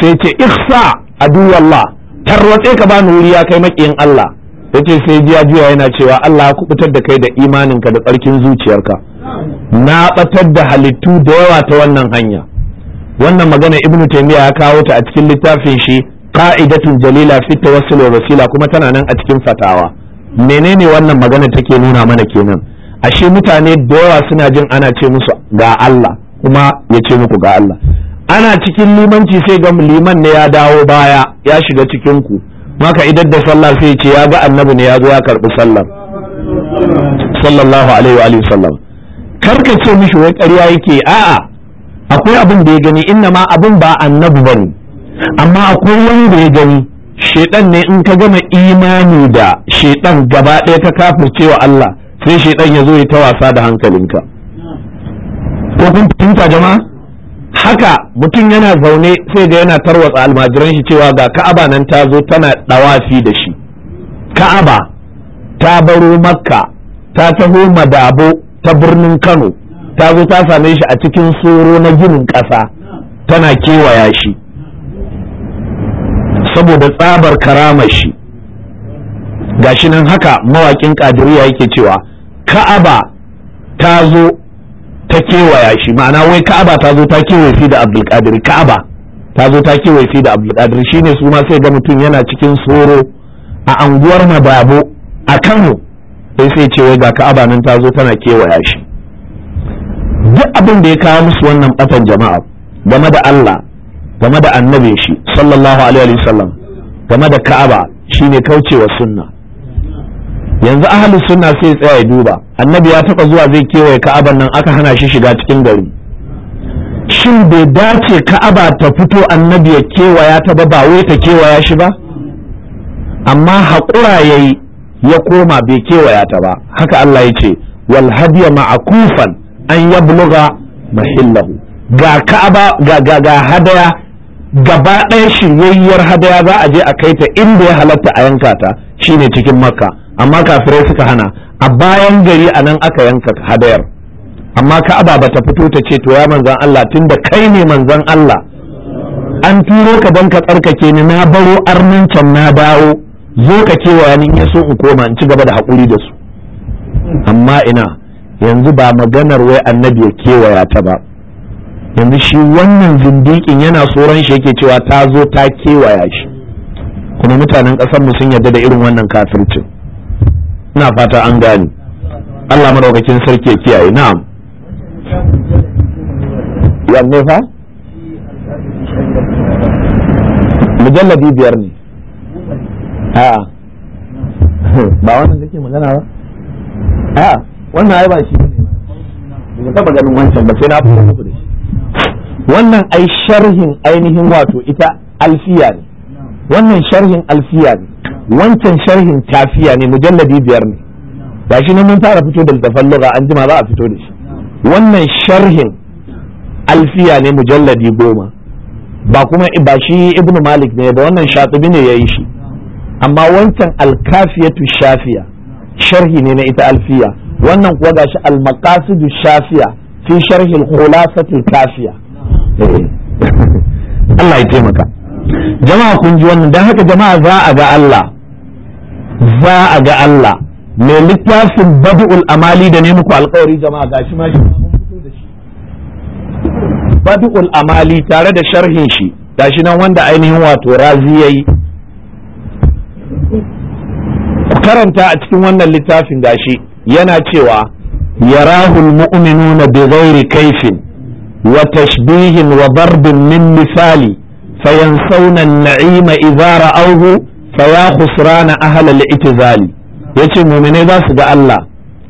sai ce ihsa aduwallah tarwatse ka bani wuri ya kai makiyin Allah yace sai jiya jiya yana cewa Allah ya kubutar da kai da imaninka da tsarkin zuciyarka na batar da halittu da yawa ta wannan hanya wannan magana ibnu taymiya ya kawo ta a cikin littafin shi qa'idatun jalila fi tawassul wa wasila kuma tana nan a cikin fatawa menene wannan magana take nuna mana kenan ashe mutane da yawa suna jin ana ce musu ga Allah kuma ya ce muku ga Allah ana cikin limanci sai ga liman ne ya dawo baya ya shiga cikin ku maka idan da sallah sai ce ya ga annabi ne ya zo ya karbi sallar sallallahu alaihi wa sallam karka ce mishi wai ƙarya yake a'a akwai abin da ya gani inna ma abin ba annabi bane amma akwai wanda ya gani shaidan ne in ka gama imani da shaidan gaba ɗaya ka kafirce cewa Allah sai shaidan ya zo ya ta wasa da hankalinka ko kun fahimta jama'a haka mutum yana zaune sai ga yana tarwatsa almajiran shi cewa ga ka'aba nan ta zo tana dawafi da shi ka'aba ta baro makka ta taho madabo ta birnin kano ta zo ta same shi a cikin soro na ginin ƙasa tana kewaya shi saboda tsabar karamar shi gashi nan haka mawakin kadiriya yake cewa ka'aba ta zo ta kewaya shi ma'ana wai ka'aba ta zo ta kewaye fi da abdulkadir ka'aba ta zo ta kewaye fi da abdulkadir shine su ma sai ga mutum yana cikin tsoro a anguwar madabo a kano sai sai ce wai ga ka'aba nan ta zo tana kewaya shi duk abin da ya kawo musu wannan batan jama'a game da Allah game da annabi shi sallallahu alaihi wasallam game da ka'aba shine kaucewa sunna yanzu ahalin sunna sai tsaya ya duba annabi ya taba zuwa zai kewaye ka'aban nan aka hana shi shiga cikin gari shin bai dace ka'aba ta fito annabi ya kewaya ta ba wai ta kewaya shi ba amma haƙura ya ya koma bai kewaya ta ba haka Allah ya ce wal hadiya ma'akufan an yabluga buluga mahillahu ga ka'aba ga ga hadaya gaba ɗaya shiryayyar hadaya za a je a kai ta inda ya halatta a yanka ta shine cikin makka amma kafirai suka hana a bayan gari a nan aka yanka hadayar amma ka ba ta fito ta ce to ya manzan Allah tun da kai ne manzan Allah an turo ka don ka tsarkake ni na baro can na dawo zo ka kewaya ni ya so in koma in ci gaba da haƙuri da su amma ina yanzu ba maganar wai annabi ya kewaya ta ba yanzu shi wannan zindikin yana tsoron shi yake cewa ta zo ta kewaya shi kuma mutanen ƙasarmu mu sun yarda da irin wannan kafircin ina fata an gane Allah madaukakin sarki ya kiyaye na'am yanne fa mujalladi biyar ne a ba wannan kake magana ba a wannan ai ba shi ne ba daga taba ganin wancan ba sai na fito da shi wannan ai sharhin ainihin wato ita alfiya ne wannan sharhin alfiya ne wancan sharhin tafiya ne mujalladi biyar ne ba shi mun fara fito da littafan lugha an jima za a fito da shi wannan sharhin alfiya ne mujalladi goma ba kuma ba shi ibnu malik ne ba wannan shatibi ne yayi shi amma wancan alkafiyatu shafiya sharhi ne na ita alfiya wannan kuwa gashi almaqasidu shafiya fi sharhi alkhulasatu kafiya Eh. Allah ya taimaka jama'a kun ji wannan don haka jama'a za a ga Allah za a ga Allah mai littafin badu'ul amali da ne muku alkawari jama'a gashi ma shi badu'ul amali tare da sharhin shi gashi nan wanda ainihin wato razi yi karanta a cikin wannan littafin gashi yana cewa yarahul mu'minuna bi ghairi kaifin wa tashbihin wa min misali sayan an-na'ima idza ra'awhu faya khusrana ahla al-i'tizali yace mu'mine za su ga Allah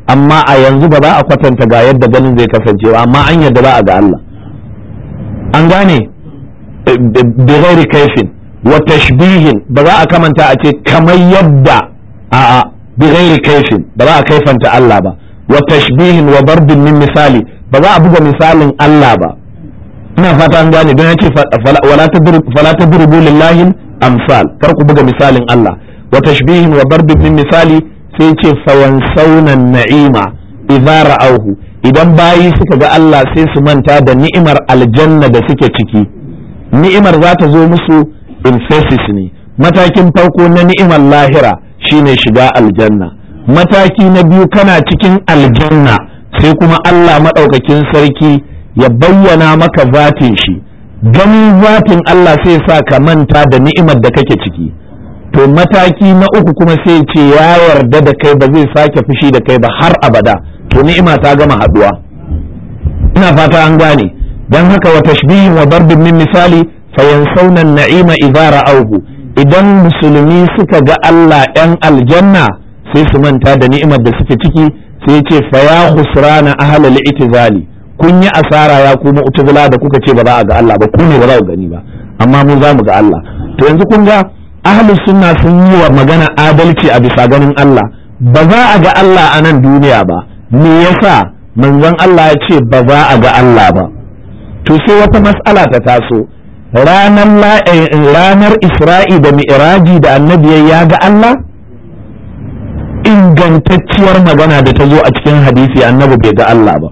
amma a yanzu ba za a kwatanta ga yadda ganin zai kasance ba amma an yadda ba a ga Allah an gane bi ghairi kaifin wa ba za a kamanta a ce kamar yadda A'a, a bi kaifin ba za a kaifanta Allah ba wa tashbihin wa darbin min misali ba za a buga misalin Allah ba ina fata an gane don yace fala tadribu lillahi amsal kar ku buga misalin Allah wa tashbihin wa darbin min misali sai yace fayansawna na'ima idza idan bayi suka ga Allah sai su manta da ni'imar aljanna da suke ciki ni'imar za ta zo musu in ne matakin farko na ni'imar lahira shine shiga aljanna mataki na biyu kana cikin aljanna sai kuma Allah maɗaukakin sarki ya bayyana maka zatin shi gani zatin Allah sai sa ka manta da ni'imar da kake ciki to mataki na uku kuma sai ce ya yarda da kai ba zai sake fushi da kai ba har abada to ni'ima ta gama haduwa ina fata an gane dan haka wa tashbihin wa darbin min misali fayansawna an-na'ima idza ra'awhu idan musulmi suka ga Allah 'yan aljanna sai su manta da ni'imar da suke ciki sai ce fa ya khusrana ahlal itizali kun yi asara ya kuma utuzla da kuka ce ba za a ga Allah ba ku ne ba za ku gani ba amma mun za mu ga Allah to yanzu kun ga ahlus sunna sun yi wa magana adalci a bisa ganin Allah ba za a ga Allah a nan duniya ba me yasa manzon Allah ya ce ba za a ga Allah ba to sai wata mas'ala ta taso ranar eh, ranar Isra'i da Mi'raji da annabi ya ga Allah ingantacciyar magana da ta zo a cikin hadisi annabi bai ga Allah ba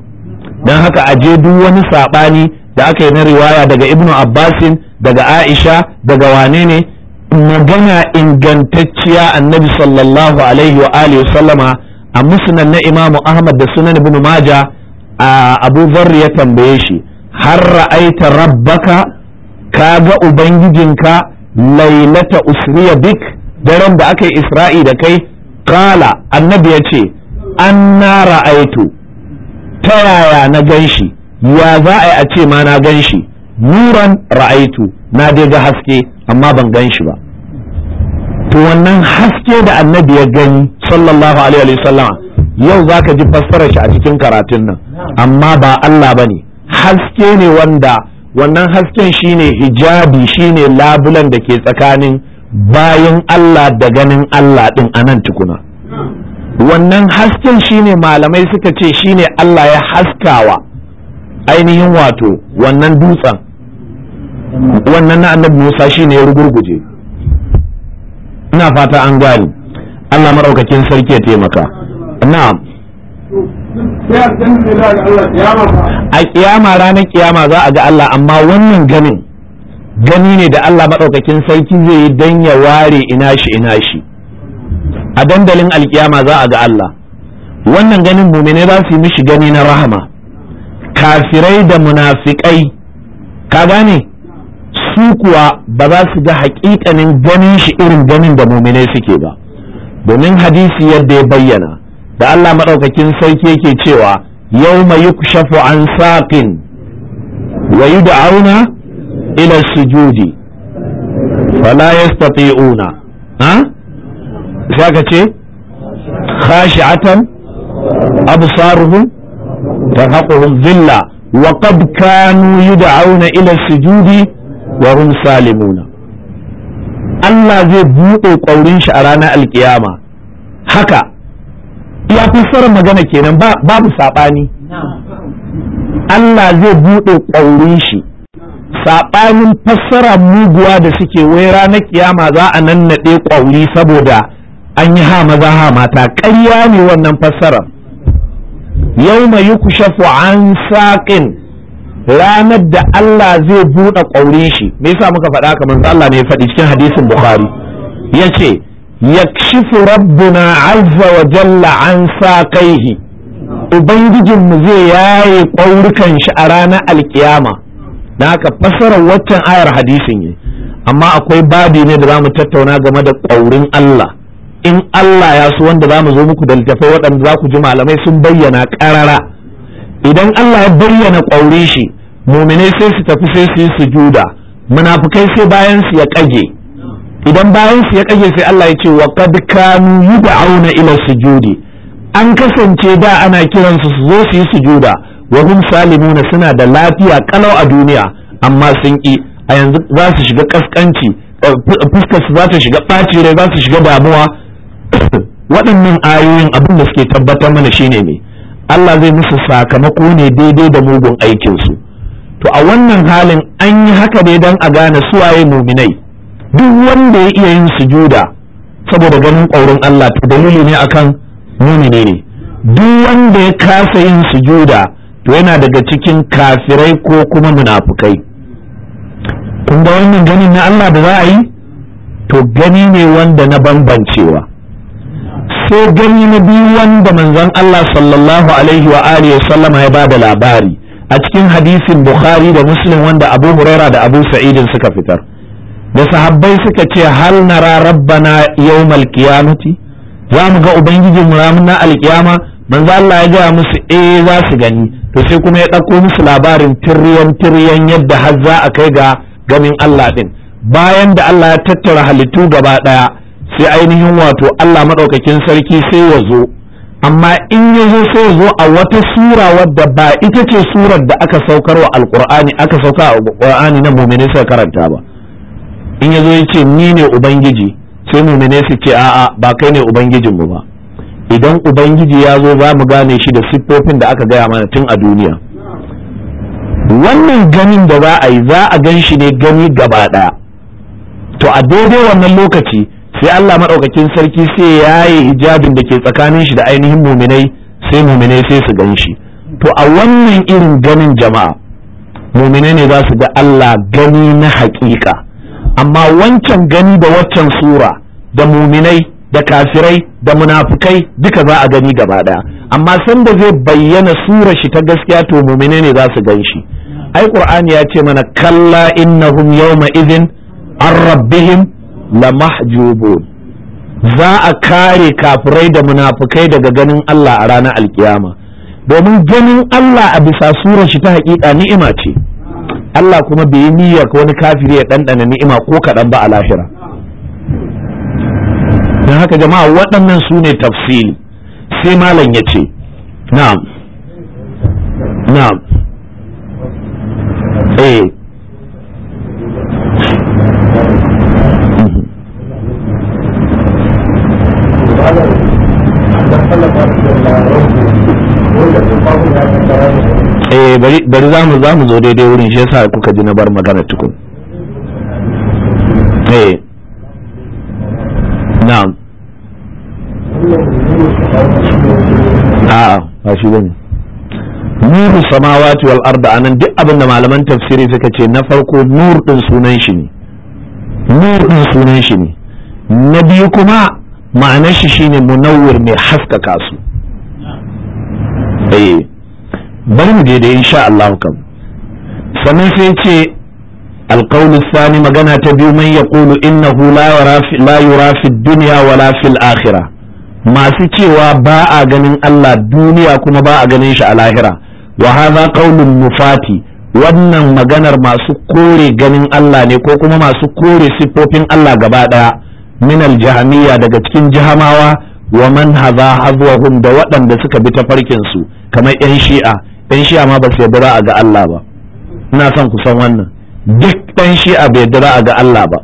dan haka a je duk wani saɓani da aka yi na riwaya daga ibnu abbasin daga aisha daga wane ne magana ingantacciya annabi sallallahu alaihi wa alihi sallama a musnad na imamu ahmad da sunan ibnu maja a abu ya tambaye shi har ra'aita rabbaka ka ga ubangijinka lailata usriya bik daren da aka yi isra'i da kai kala annabi ya ce an na ra'aitu ta yaya na ganshi ya za a yi a ce ma na ganshi nuran ra'aitu na dai ga haske amma ban ganshi ba to wannan haske da annabi ya gani sallallahu alaihi sallama yau za ka ji fassara shi a cikin karatun nan amma ba Allah ba ne haske ne wanda wannan hasken shine hijabi shine labulan da ke tsakanin bayan Allah da ganin Allah ɗin a nan tukuna wannan hasken shi ne malamai suka ce shi ne Allah ya haskawa ainihin wato wannan dutsen wannan na annabi Musa shi ne ya rugurguje ina fata an gari Allah maraukakin sarki ya taimaka Na, a kiyama ranar kiyama za a ga Allah amma wannan ganin gani ne da Allah maɗaukakin sarki zai yi dan ya ware ina shi ina shi a dandalin alkiyama za a ga Allah wannan ganin mumine za su yi mishi gani na rahama kafirai da munafikai ka gane su kuwa ba za su ga hakikanin ganin shi irin ganin da mumine suke ba domin hadisi yadda ya bayyana da Allah maɗaukakin sarki yake cewa yau mai yukshafu an saƙin wa auna? ila sujudi fala yastati'una ha sai ka ce khashi'atan absaruhum ترهقهم ذلة وقد كانوا ila إلى السجود وهم سالمون Allah zai buɗe ƙaurin shi a ranar alƙiyama. haka ya fassara magana kenan babu saɓani Allah zai buɗe ƙaurin shi saɓanin fassara muguwa da suke wai ranar kiyama za a nannaɗe ƙwauri saboda an yi ha maza ha mata ƙarya ne wannan fassarar yau mai yi kushafu an saƙin ranar da Allah zai buɗe ƙwaurin shi me yasa muka faɗa kamar Allah ne ya faɗi cikin hadisin Bukhari yace yakshifu rabbuna azza wa jalla an saƙaihi ubangijinmu zai yaye ƙwaurukan shi a ranar alkiyama da haka fasara waccan ayar hadisin ne amma akwai babi ne da zamu tattauna game da ƙaurin Allah in Allah ya so wanda zamu zo muku da littafai waɗanda za ku ji malamai sun bayyana ƙarara idan Allah ya bayyana ƙaurin shi muminai sai su tafi sai su yi sujuda munafukai sai bayan su ya kage idan bayan su ya kage sai Allah ya ce wa qad kanu yud'auna ila sujudi an kasance da ana kiransu su zo su yi sujuda wahum salimuna suna da lafiya kalau a duniya amma sun ki a yanzu za su shiga kaskanci fuskar su za ta shiga ɓaci rai za su shiga damuwa waɗannan ayoyin abin da suke tabbatar mana shine ne Allah zai musu sakamako ne daidai da mugun aikinsu to a wannan halin an yi haka ne dan a gane su waye muminai duk wanda ya iya yin sujuda saboda ganin ƙaurin Allah to dalili ne akan mumine ne duk wanda ya kasa yin sujuda to yana daga cikin kafirai ko kuma munafukai kun ga wannan ganin na Allah da za a yi to gani ne wanda na bambancewa sai gani na biyu wanda manzon Allah sallallahu alaihi wa alihi sallama ya bada labari a cikin hadisin Bukhari da Muslim wanda Abu Huraira da Abu Sa'id suka fitar da sahabbai suka ce hal nara rabbana yawmal qiyamati za mu ga ubangijin mu ranar alkiyama manzo Allah ya gaya musu eh za su gani to sai kuma ya ɗauko musu labarin tiriyan tiriyan yadda har za a kai ga ganin Allah ɗin bayan da Allah ya tattara halittu gaba ɗaya sai ainihin wato Allah maɗaukakin sarki sai ya zo amma in ya zo sai ya zo a wata sura wadda ba ita ce surar da aka saukar wa alƙur'ani aka sauka a alƙur'ani na muminai suka karanta ba in ya zo ya ce ni ne ubangiji sai muminai su ce a'a ba kai ne ubangijinmu ba idan ubangiji ya zo za mu gane shi da siffofin da aka gaya mana tun a duniya wannan ganin da za a yi za a gan shi ne gani gaba ɗaya to a daidai wannan lokaci sai Allah maɗaukakin sarki sai ya yi hijabin da ke tsakanin shi da ainihin muminai sai muminai sai su gan shi to a wannan irin ganin jama'a muminai ne za su ga Allah gani na haƙiƙa amma wancan gani da waccan sura da muminai da kafirai da munafukai duka za a gani gaba daya amma sanda zai bayyana sura shi ta gaskiya to mumine ne za su gan shi ai qur'ani ya ce mana kalla innahum yawma idhin an rabbihim lamahjubun za a kare kafirai da munafukai daga ganin Allah a ranar alkiyama domin ganin Allah a bisa surar shi ta hakika ni'ima ce Allah kuma bai yi niyyar wani kafiri ya dandana ni'ima ko kaɗan ba a lahira don haka jama'a waɗannan su ne tafsili sai malam ya ce na'am na'am eh eh bari za mu zo daidai wurin shi yasa kuka ji na bar magana tukun eh na'am a'a nuru samawati wal arda anan duk abin da malaman tafsiri suka ce na farko nur din sunan shi ne nur din sunan shi ne na biyu kuma ma'anar shi shine munawwir mai haskaka su eh bari mu je da insha Allah sannan sai ce القول الثاني مغنى تبيو من يقول إنه لا يرى في, لا يرى masu الدنيا ولا في الآخرة ما سيتيوا باء غنين الله دنيا كما باء غنين شاء الآخرة وهذا قول النفاتي wannan maganar masu kore ganin Allah ne ko kuma masu kore siffofin Allah gaba ɗaya minal jahamiya daga cikin jihamawa wa man haza hazwahum da waɗanda suka bi ta farkin su kamar yan shi'a yan shi'a ma ba su za a ga Allah ba ina son ku san wannan duk ɗan shi'a bai yadda a ga Allah ba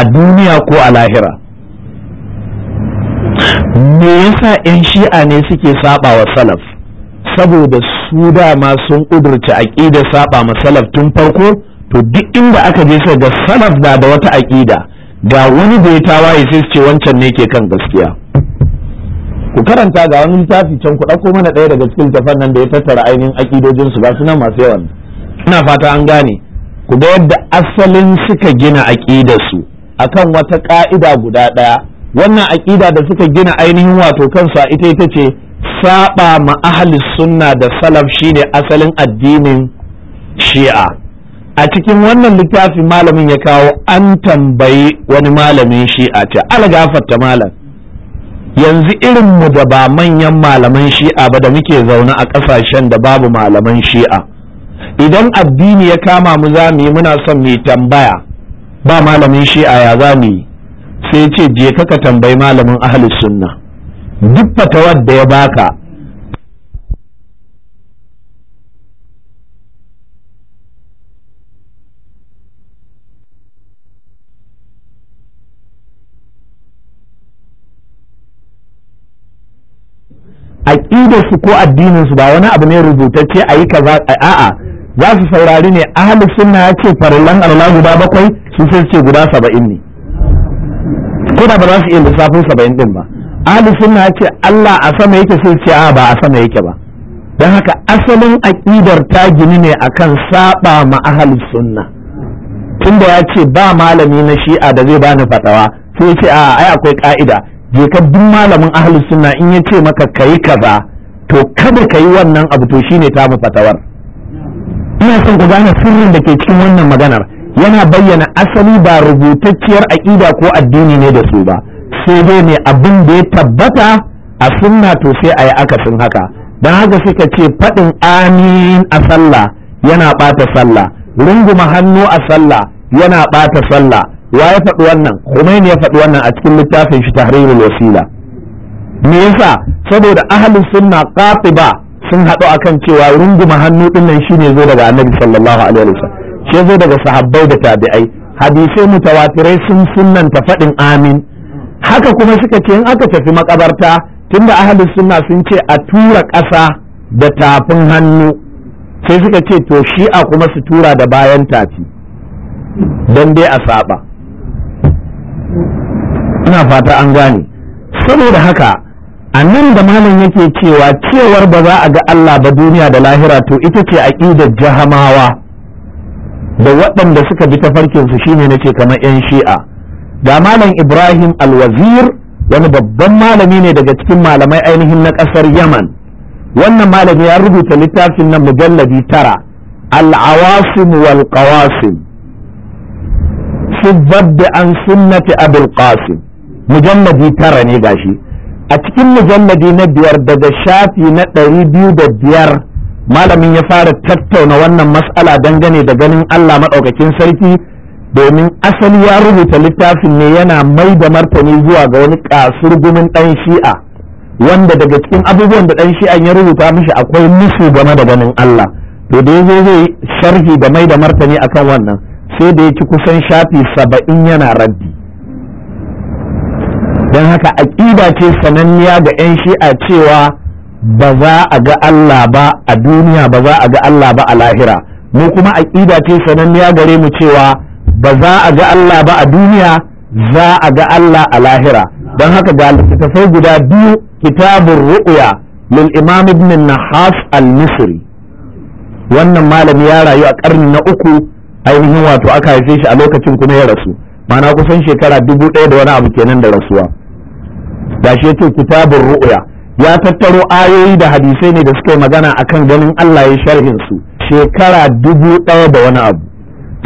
a duniya ko a lahira me yasa 'yan shi'a ne suke saba wa salaf saboda su dama sun ƙudurci aƙida saba ma salaf tun farko to duk inda aka je sai ga salaf na da wata aƙida ga wani da ya tawaye sai su ce wancan ne ke kan gaskiya ku karanta ga wani littafi can ku ɗauko mana ɗaya daga cikin tafan da ya tattara ainihin aƙidojinsu su nan masu yawan ina fata an gane ku ga yadda asalin suka gina su akan wata ƙa'ida guda ɗaya wannan aƙida da suka gina ainihin wato kansa ita ita ce saba ma ahli sunna da salaf shine asalin addinin shi'a a cikin wannan littafi malamin ya kawo an tambayi wani malamin shi'a ce algafatta malam yanzu irin mu da ba manyan malaman shi'a ba da muke zaune a ƙasashen da babu malaman shi'a idan addini ya kama mu za mu yi muna son mu tambaya ba malamin shi'a ya za mu yi sai ce je ka tambayi malamin ahli sunna duk fatawar da ya baka aƙidar su ko addininsu ba wani abu ne rubutacce a yi kaza a'a za su saurari ne ahalus sunna ya ce farillan alwala guda bakwai su sai ce guda saba'in ne ko da ba za su iya lissafin saba'in din ba ahalus sunna ya ce Allah a sama yake sai ce a ba a sama yake ba don haka asalin aƙidar ta gini ne akan saba ma ahalus sunna tunda ya ce ba malami na shi'a da zai bani fatawa sai ce a ai akwai ka'ida je ka duk malamin ahlus sunna in ya ce maka kayi kaza to kada ka yi wannan abu to shine ta mu fatawar ina son ku gane sirrin da ke cikin wannan maganar yana bayyana asali ba rubutacciyar aƙida ko addini ne da su ba sai dai ne abin da ya tabbata a sunna to sai a yi akasin haka don haka suka ce faɗin amin a sallah yana ɓata sallah runguma hannu a sallah yana ɓata sallah wa ya faɗi wannan Khomeini ya faɗi wannan a cikin littafin shi tahrirul wasila me yasa saboda ahlus sunna qatiba sun haɗu kan cewa runguma hannu ɗin nan shine zo daga annabi sallallahu alaihi wasallam ce zo daga sahabbai da tabi'ai hadisai mutawatirai sun sunnanta faɗin amin haka kuma suka ce in aka tafi makabarta tunda ahlus suna sun ce a tura ƙasa da tafin hannu sai suka ce to shi'a kuma su tura da bayan tafi don dai a saba ina fata an gane saboda haka a nan da malam yake cewa cewar ba za a ga Allah ba duniya da lahira to ita ce aqidar jahamawa da waɗanda suka bi farkin su shine nace kamar yan shi'a ga malam Ibrahim al-Wazir wani babban malami ne daga cikin malamai ainihin na ƙasar Yaman wannan malami ya rubuta littafin nan mujalladi tara al-awasim wal qawasim an sunnati abul qasim mujalladi tara ne gashi a cikin mujalladi na biyar daga shafi na ɗari biyu da biyar malamin ya fara tattauna wannan mas'ala dangane da ganin Allah maɗaukakin sarki domin asali ya rubuta littafin ne yana mai da martani zuwa ga wani kasurgumin ɗan shi'a wanda daga cikin abubuwan da ɗan shi'an ya rubuta mishi akwai musu game da ganin Allah to da yazo zai sharhi da mai da martani akan wannan sai da ya ci kusan shafi saba'in yana raddi don haka aƙida ce sananniya ga 'yan shi'a cewa ba za a ga Allah ba a duniya ba za a ga Allah ba a lahira mu kuma aƙida ce sananniya gare mu cewa ba za a ga Allah ba a duniya za a ga Allah a lahira don haka ga littattafai guda biyu kitabun ru'ya lil imam ibn nahas al-misri wannan malami ya rayu a karni na uku ainihin wato aka haife shi a lokacin kuma ya rasu ma'ana kusan shekara dubu ɗaya da wani abu kenan da rasuwa gashi yace kitabun ru'ya ya tattaro ayoyi da hadisai ne da suka yi magana akan ganin Allah ya sharhin su shekara dubu ɗaya da wani abu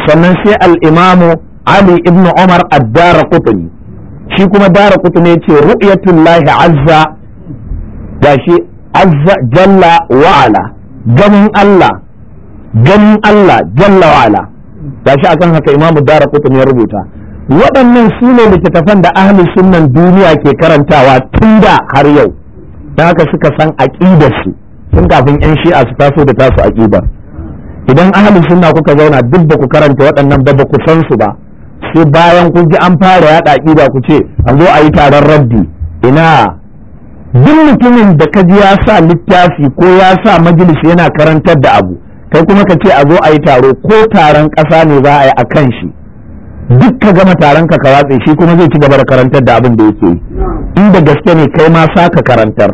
sannan sai al-imamu Ali ibn Umar ad-Dara Qutni shi kuma Dara Qutni yace ru'yatullahi azza shi azza jalla wa'ala ganin Allah ganin Allah jalla wa'ala gashi akan haka imamu Dara Qutni ya rubuta waɗannan su ne littattafan da ahalin sunnan duniya ke karantawa tun da har yau da haka suka san aƙidarsu tun kafin 'yan shi'a su taso da tasu aƙidar idan ahli sunna kuka zauna duk ba ku karanta waɗannan ba ba ku san su ba sai bayan kuji ji an fara yaɗa aƙida ku ce a zo a yi taron rabbi. ina duk mutumin da ka ji ya sa littafi ko ya sa majalis yana karantar da abu kai kuma ka ce a zo a yi taro ko taron ƙasa ne za a yi a kan shi duk ka gama taron ka karatse shi kuma zai ci gaba da karantar da abin da yake yi inda gaske ne kai ma sa ka karantar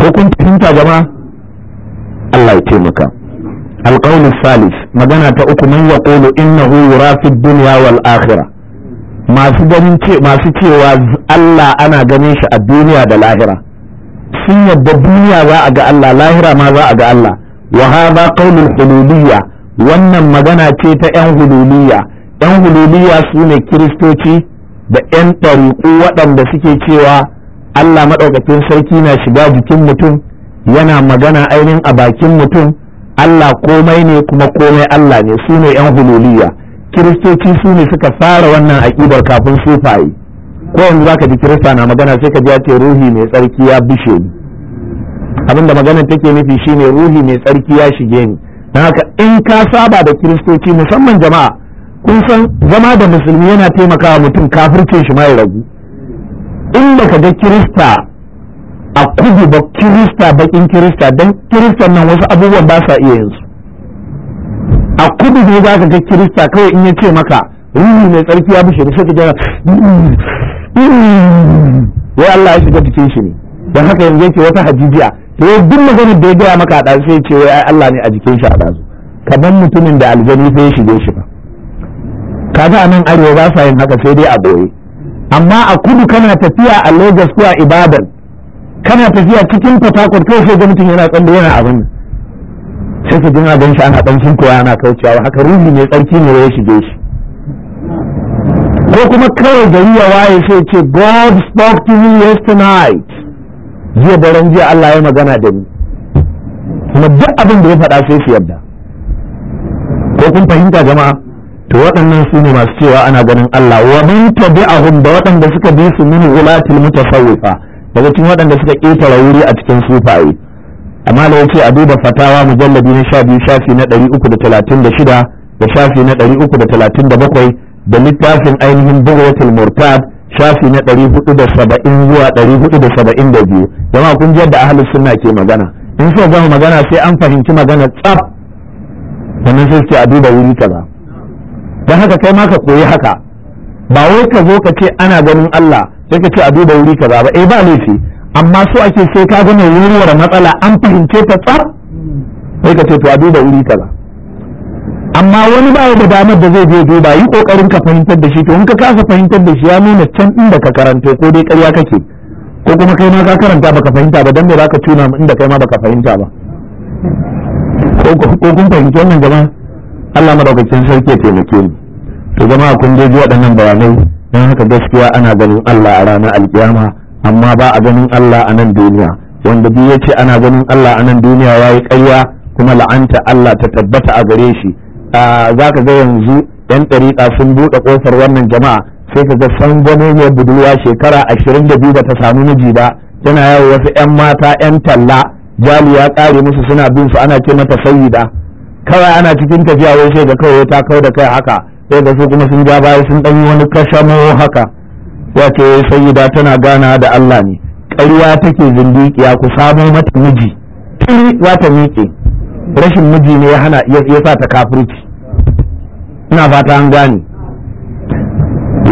ko kun fahimta gama. Allah ya taimaka alqawl salis magana ta uku man yaqulu innahu yurafid dunya wal akhirah masu ganin ce masu cewa Allah ana ganin shi a duniya da lahira sun yadda duniya za a ga Allah lahira ma za a ga Allah wa hadha qawlul hululiyya wannan magana ce ta 'yan hululiya 'yan hululiya su ne kiristoci da 'yan ɗariƙu waɗanda suke cewa allah maɗaukakin sarki na shiga jikin mutum yana magana ainihin a bakin mutum allah komai ne kuma komai allah ne su ne 'yan hululiya kiristoci su ne suka fara wannan aƙidar kafin sufaye ko yanzu ka ji kirista na magana sai ka ji ya ce ruhi mai tsarki ya bishe ni abinda maganar take nufi shine ruhi mai tsarki ya shige ni don haka in ka saba da kiristoci musamman jama'a kun san zama da musulmi yana taimakawa mutum kafirce shi ma ya ragu in baka ga kirista a kudu ba kirista bakin kirista don kiristan nan wasu abubuwan ba sa iya yanzu a kudu ne za ka ga kirista kawai in ya ce maka ruhi mai tsarki ya bushe da sai ka jira ya Allah ya shiga cikin shi ne don haka yanzu yake wata hajijiya to duk maganar da ya gaya maka a sai ce wai Allah ne a jikin shi a ɗazu kamar mutumin da aljani sai ya shige shi ba kaga a nan arewa ba sa yin haka sai dai a ɓoye amma a kudu kana tafiya a Lagos ko a Ibadan kana tafiya cikin Port kawai sai ga mutum yana tsalle yana abin nan sai ka jina gan shi ana dan koya ana kaucewa haka ruhi ne tsarki ne ya shige shi ko kuma kawai gari ya waye sai ce God spoke to me yesterday night jiya daren jiya Allah ya magana da ni kuma duk abin da ya faɗa sai su yarda ko kun fahimta jama'a to waɗannan su ne masu cewa ana ganin Allah wa min tabi'ahum da waɗanda suka bi su min ulatil mutasawwifa daga cikin waɗanda suka ƙetare wuri a cikin sufaye amma da yace a duba fatawa mujalladi na 12 shafi na 336 da shafi na 337 da littafin ainihin bughwatul murtad shafi na 470 zuwa 472 jama'a kun ji da ahlus sunna ke magana in so gama magana sai an fahimci magana tsaf sannan sai ke a duba wuri kaza don haka kai ma ka koyi haka ba wai ka zo ka ce ana ganin Allah sai ka ce a duba wuri kaza ba eh ba laifi amma so ake sai ka gane wurwar matsala an fahimce ta tsaf sai ka ce to a duba wuri kaza amma wani ba da damar da zai je duba yi kokarin ka fahimtar da shi to in ka kasa fahimtar da shi ya nuna can inda ka karanto ko dai ƙarya kake ko kuma kai ma ka karanta baka fahimta ba dan me zaka tuna mu inda kai ma baka fahimta ba ko kun fahimci wannan jama'a Allah madaukakin sarki ya taimake ni to jama'a kun je waɗannan bayanai dan haka gaskiya ana ganin Allah a ranar alkiyama amma ba a ganin Allah a nan duniya wanda duk ya ce ana ganin Allah a nan duniya yayi ƙarya kuma la'anta Allah ta tabbata a gare shi za ka ga yanzu yan ɗariƙa sun buɗe ƙofar wannan jama'a sai ka ga gwani ne budurwa shekara ashirin da biyu ba ta samu miji ba yana yawo wasu yan mata yan talla jali ya ƙare musu suna bin su ana ce mata sayida kawai ana cikin tafiya wai sai ga kawai ta kau da kai haka sai ga su kuma sun ja baya sun ɗan yi wani kashamo haka wato sayyida tana gana da Allah ne ƙarya take zindiƙiya ku samo mata miji tiri za ta miƙe rashin miji ne ya hana ya sa ta kafirci ina fata an gane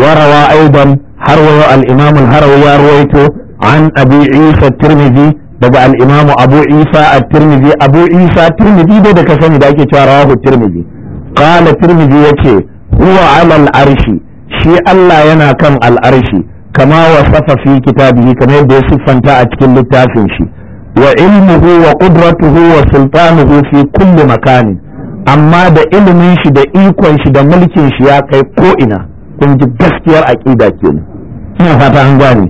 warawa aidan har wayo al-imam al-harawi ya ruwaito an abi isa tirmidhi daga al-imam abu isa at-tirmidhi abu isa tirmidhi dai da ka sani da ake cewa rawahu tirmidhi qala tirmidhi yace huwa ala al-arshi shi Allah yana kan al-arshi kama wasafa fi kitabihi kamar yadda ya siffanta a cikin littafin shi wa ilmuhu wa qudratuhu wa sultanuhu fi kulli makani amma da ilimin shi da ikon shi da mulkin shi ya kai ko ina kun ji gaskiyar aqida kenan ina fata an gane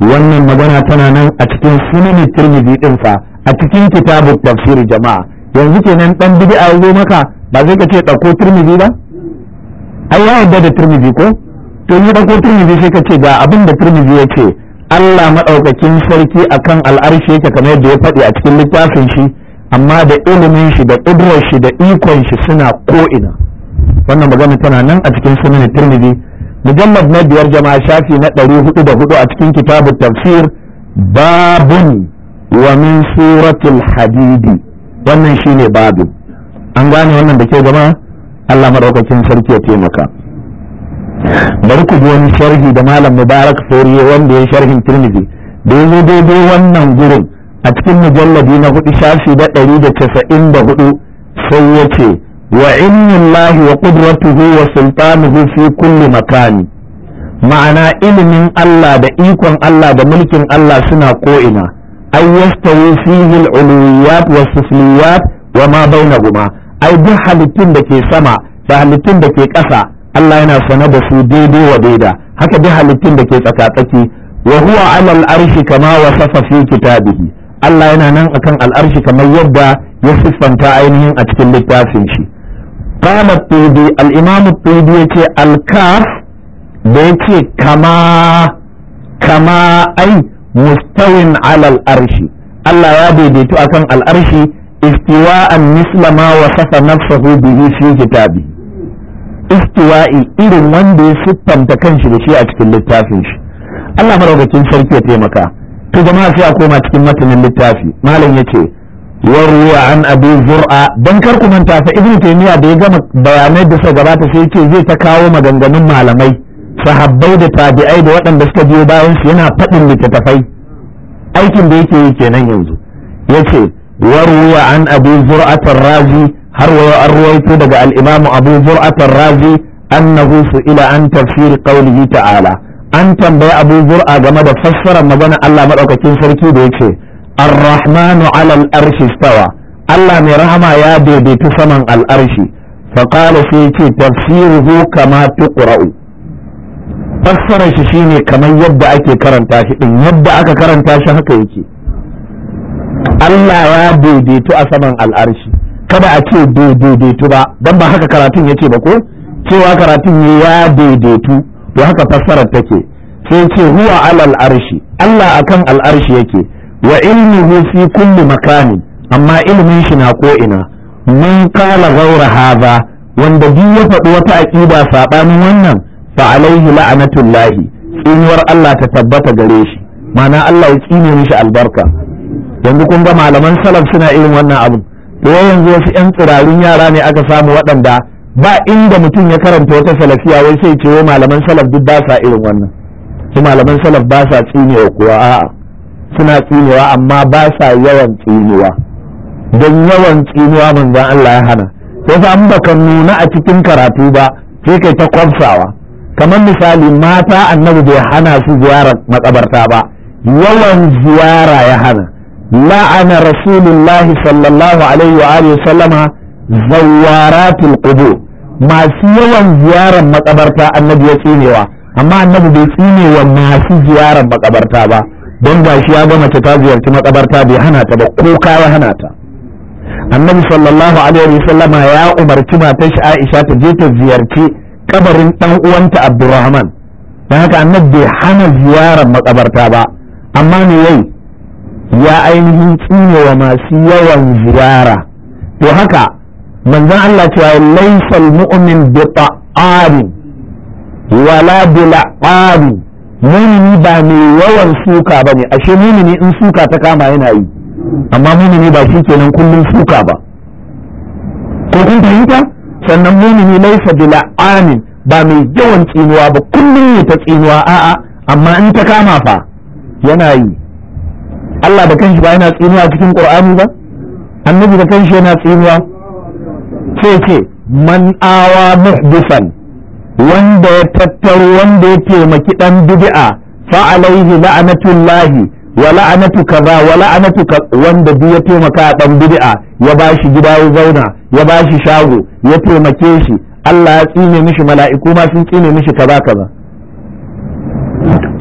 wannan magana tana nan a cikin sunan tirmidhi din fa a cikin kitabut tafsir jama'a yanzu kenan dan bid'a zo maka ba zai ka ce tirmidhi ba ai ya da tirmidhi ko to ni dauko tirmidhi sai ka ce ga abinda da tirmidhi ya ce Allah maɗaukakin sarki akan al'arshi yake kamar yadda ya faɗi a cikin littafin shi amma da ilimin shi da ƙudurar shi da ikon shi suna ko'ina wannan magana tana nan a cikin sunan tirmidhi mujammad na biyar jama'a shafi na ɗari hudu da hudu a cikin kitabun tafsir babun wa min suratul hadidi wannan shine babu an gane wannan da ke jama'a Allah maɗaukakin sarki ya taimaka bari ku wani sharhi da malam mubarak foriye wanda ya sharhin tirmidhi da daidai wannan gurin a cikin mujalladi na hudu shafi da ɗari da casa'in da hudu sai ya ce wa ilmillahi wa qudratuhu wa sultanuhu fi kulli makani ma'ana ilimin Allah da ikon Allah da mulkin Allah suna ko'ina ai yastawi fihi al-uluwiyat wa sufliyat wa ma bainahuma ai duk halittun da ke sama da halittun da ke ƙasa Allah yana sane da su daidai wa daida haka duk halittun da ke tsakatsaki wa huwa alal arshi kama wasafa fi kitabihi Allah yana nan akan al'arshi kamar yadda ya siffanta ainihin a cikin littafin shi qala tudi al-imam tudi yace al-kaf da yace kama kama ai mustawin alal arshi Allah ya daidaitu akan al'arshi istiwa'an misla ma wasafa nafsuhu bihi fi kitabihi istiwa'i irin wanda ya siffanta kanshi da shi a cikin littafin shi Allah maraukakin sarki ya taimaka to jama'a sai a koma cikin matanin littafi malam yace warwa an abu zur'a dan kar ku manta fa ibnu taymiya da ya gama bayanai da suka gabata sai yace zai ta kawo maganganun malamai sahabbai da tabi'ai da waɗanda suka biyo bayan shi yana faɗin littattafai aikin da yake yi kenan yanzu yace warwa an abi zur'a razi har wayo an ruwaito daga al-imamu abu zur'atar razi annahu ila an tafsir qawlihi ta'ala an tambayi abu zur'a game da fassarar magana Allah madaukakin sarki da yace ar-rahmanu 'ala al-arshi stawa Allah mai rahama ya daidaitu saman al-arshi fa qala sai yace tafsiruhu kama tuqra'u fassarar shi shine kamar yadda ake karanta shi din yadda aka karanta shi haka yake Allah ya daidaitu a saman al-arshi. kada a ce daidaitu ba don ba haka karatun ya ce ba ko cewa karatun ya daidaitu to haka fassarar take sai ce huwa alal arshi Allah akan al'arshi yake wa ilmihu fi kulli makami amma ilimin shi na ko ina mun kala gaura haza wanda duk ya faɗi wata aƙida saɓanin wannan fa alaihi la'anatullahi tsinuwar Allah ta tabbata gare shi ma'ana Allah ya tsine mishi albarka yanzu kun ga malaman salaf suna irin wannan abu da yanzu wasu yan tsirarun yara ne aka samu waɗanda ba inda mutum ya karanta wata salafiya wai sai ce malaman salaf duk ba sa irin wannan su malaman salaf ba sa tsinewa kuwa a'a suna tsinewa amma ba sa yawan tsinewa don yawan tsinewa manzon Allah ya hana sai an baka nuna a cikin karatu ba sai kai ta kwamsawa kamar misali mata annabi bai hana su ziyarar makabarta ba yawan ziyara ya hana la'ana rasulullahi sallallahu alaihi wa alihi sallama zawaratul qubur masu yawan ziyarar makabarta annabi ya tsinewa amma annabi bai tsinewa masu ziyarar makabarta ba don shi ya ga mace ta ziyarci makabarta bai hana ta ba ko kawai hana ta annabi sallallahu alaihi wa sallama ya umarci matar shi Aisha ta je ta ziyarci kabarin dan uwanta Abdurrahman dan haka annabi bai hana ziyarar makabarta ba amma ne yayi ya ainihin tsine wa masu yawan ziyara to haka manzan Allah cewa laysal mu'min bi ta'ari wala bil'ari mumini ba mai yawan suka ba ashe mumini in suka ta kama yana yi amma mumini ba shi kenan kullum suka ba ko kun fahimta sannan mumini laisa bil'amin ba mai yawan tsinuwa ba kullun ne ta tsinuwa a'a amma in ta kama fa yana yi Allah da kanshi ba yana tsinuwa cikin Qur'ani ba annabi da kanshi yana tsinuwa sai ce man awa muhdifan wanda ya tattaro wanda ya taimaki dan bid'a fa alaihi la'anatullahi wa la'anatu kaza wa la'anatu wanda duk ya taimaka dan bid'a ya bashi gida ya zauna ya bashi shago ya taimake shi Allah ya tsine mishi mala'iku ma sun tsine mishi kaza kaza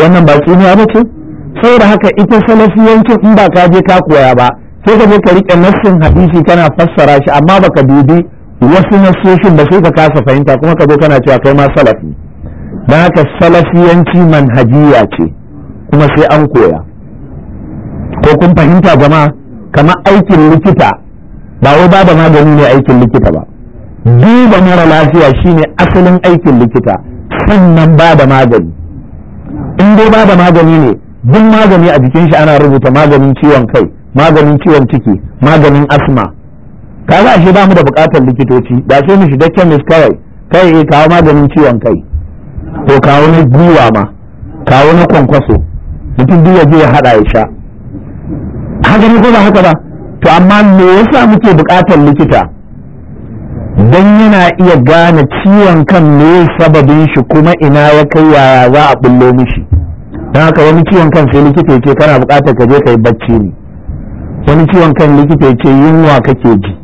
wannan ba tsiniya ba ce da haka ita salafiyancin in ba ka je ka koya ba sai ka je ka rike nassin hadisi kana fassara shi amma baka dubi wasu nassoshin ba sai ka kasa fahimta kuma ka zo kana cewa kai ma salafi dan haka salafiyanci manhajiya ce kuma sai an koya ko kun fahimta jama'a kamar aikin likita ba wai babu magani ne aikin likita ba duba mara lafiya shine asalin aikin likita sannan ba da magani in dai ba da magani ne duk magani a jikin shi ana rubuta maganin ciwon kai maganin ciwon ciki maganin asma za ashe ba mu da bukatar likitoci ba sai mu shiga chemist kawai kai eh kawo maganin ciwon kai to kawo na gwiwa ma kawo na kwankwaso mutum duk ya ya hada ya sha haka ne ko ba haka ba to amma me yasa muke bukatar likita dan yana iya gane ciwon kan me sababin shi kuma ina ya kai yaya za a bullo mishi don haka wani ciwon kan sai likita ce kana buƙatar ka je ka bacci ne wani ciwon kan likita ce yunwa kake ji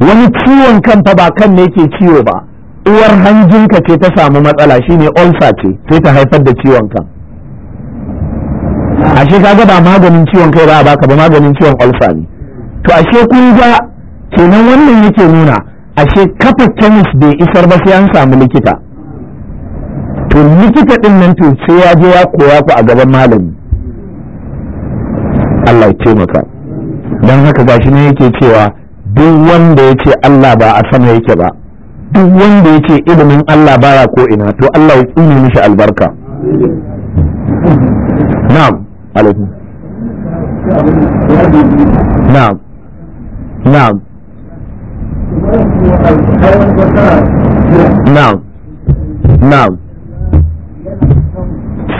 wani ciwon kan fa ba kan ne ke ciwo ba uwar hanjinka ce ta samu matsala shine ulcer ce sai ta haifar da ciwon kan ashe kaga ba maganin ciwon kai ba a baka ba maganin ciwon ulcer ne to ashe kun ga kenan wannan yake nuna ashe kafa chemist bai isar ba sai an samu likita to likita din nan to sai ya je ya koya ku a gaban malami Allah ya taimaka don haka gashi ne yake cewa duk wanda ya ce Allah ba a sama yake ba duk wanda ya ce ilimin Allah baya ko ina to Allah ya tsine mishi albarka na'am alaikum na'am na'am na'am na'am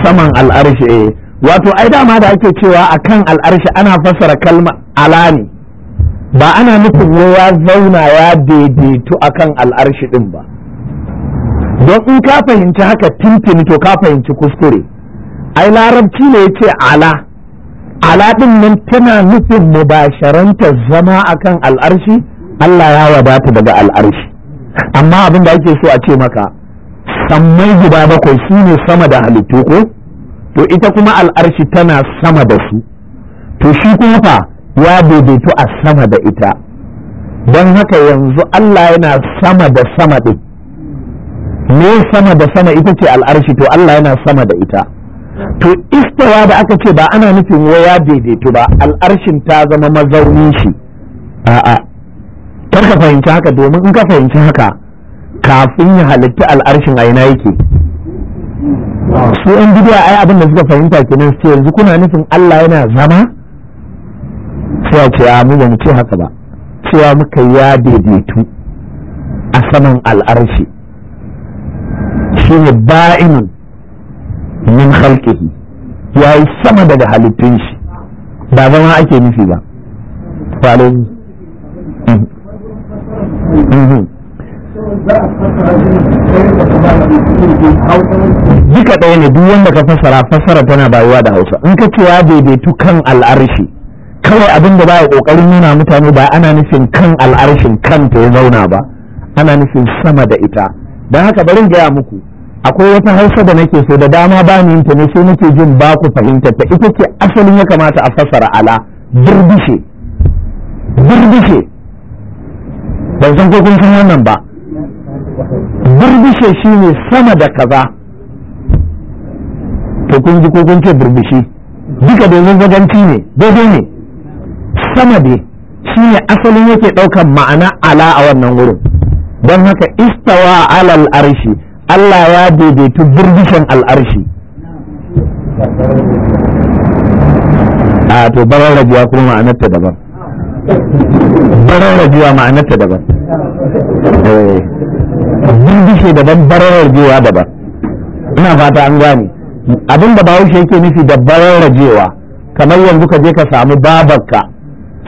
saman al'arshi eh. wato ai dama da ake cewa akan al'arshi ana fassara kalma ala ne ba ana nufin ya zauna ya daidaitu akan al'arshi din ba don in ka fahimci haka tintini to ka fahimci kuskure ai larabci ne ya ce ala ala din nan tana nufin mubasharanta zama akan al'arshi Allah ya wadata daga al'arshi amma abin da ake so a ce maka sammai guda bakwai su ne sama da halittu ko to ita kuma al'arshi tana sama da su to shi kuma fa ya daidaito a sama da ita don haka yanzu Allah yana sama da sama ɗin me sama da sama ita ce al'arshi to Allah yana sama da ita to istawa da aka ce ba ana nufin wa ya daidaito ba al'arshin ta zama mazaunin shi a'a kar ka fahimci haka domin in ka fahimci haka kafin ya halitta al'arshin a ina yake su yan bidiya a abin da suka fahimta kenan sai yanzu kuna nufin Allah yana zama sai ce a mu ba mu ce haka ba cewa muka ya daidaitu a saman al'arshi shi ne ba'inun min halƙihi ya yi sama daga halittun shi ba zama ake nufi ba. Falon. duka ɗaya ne duk wanda ka fasara, fasara tana bayuwa da hausa in ka ce ya daidaitu kan al'arshi kawai abin da baya ƙoƙarin nuna mutane ba ana nufin kan al'arshin kanta ya zauna ba ana nufin sama da ita don haka bari gaya muku akwai wata hausa da nake so da dama ba ni ta ne sai nake jin ba ku fahimta ta ita ce asalin ya kamata a fassara ala birbishe birbishe ban san ko kun san wannan ba burbushe shi ne sama da kaza to kun ji ko kun ce burbushe duka domin zaganci ne daidai ne sama dai shi ne asalin yake ɗaukan ma'ana ala a wannan wurin don haka istawa alal arshi Allah ya daidaitu burbushen al'arshi a to barar rabuwa kuma ma'anarta daban barar rabuwa ma'anarta daban Eh. bindishe daban bararar jewa daban ina fata an gane abin da bahaushe yake nufi da bararar jewa kamar yanzu ka je ka samu babarka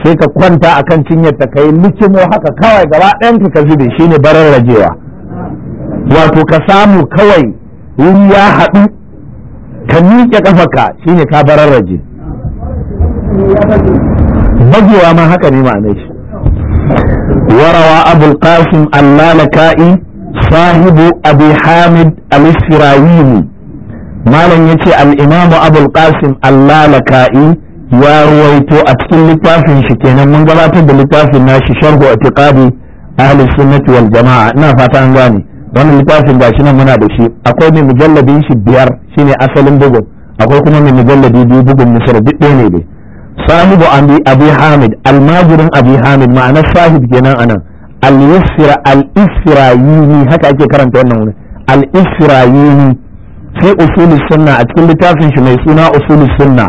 sai ka kwanta a kan cinyar ta kai likimo haka kawai gaba ɗayan ka zube shine barar wato ka samu kawai wuri ya haɗu ka miƙe ƙafarka shine ka bararraje bagewa ma haka ne ma'amai shi وروى أبو القاسم اللالكائي صاحب أبي حامد الإسرائيلي ما لن يتي الإمام أبو القاسم اللالكائي يا رويتو أتكل لتافن شكينا من قبل بلتافن ناشي شرح اعتقادي أهل السنة والجماعة نافع أنغاني wannan littafin ga shi nan muna da shi akwai mai mujalladin shi biyar shine asalin bugun akwai kuma mai mujalladi biyu bugun misar duk ɗaya ne dai sahibu abi hamid almajirin abi hamid ma'anar sahib kenan anan al-isra al haka ake karanta wannan wurin al-israyini fi usul sunna a cikin littafin shi mai suna usul sunna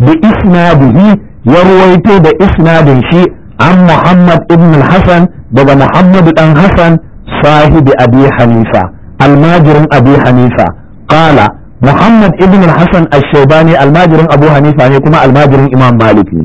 bi isnadihi ya ruwaito da isnadin shi an muhammad ibn hasan daga muhammad dan hasan sahibi abi hanifa almajirin abi hanifa qala Muhammad ibn Hassan al almajirin Abu Hanifa ne kuma almajirin Imam Malik ne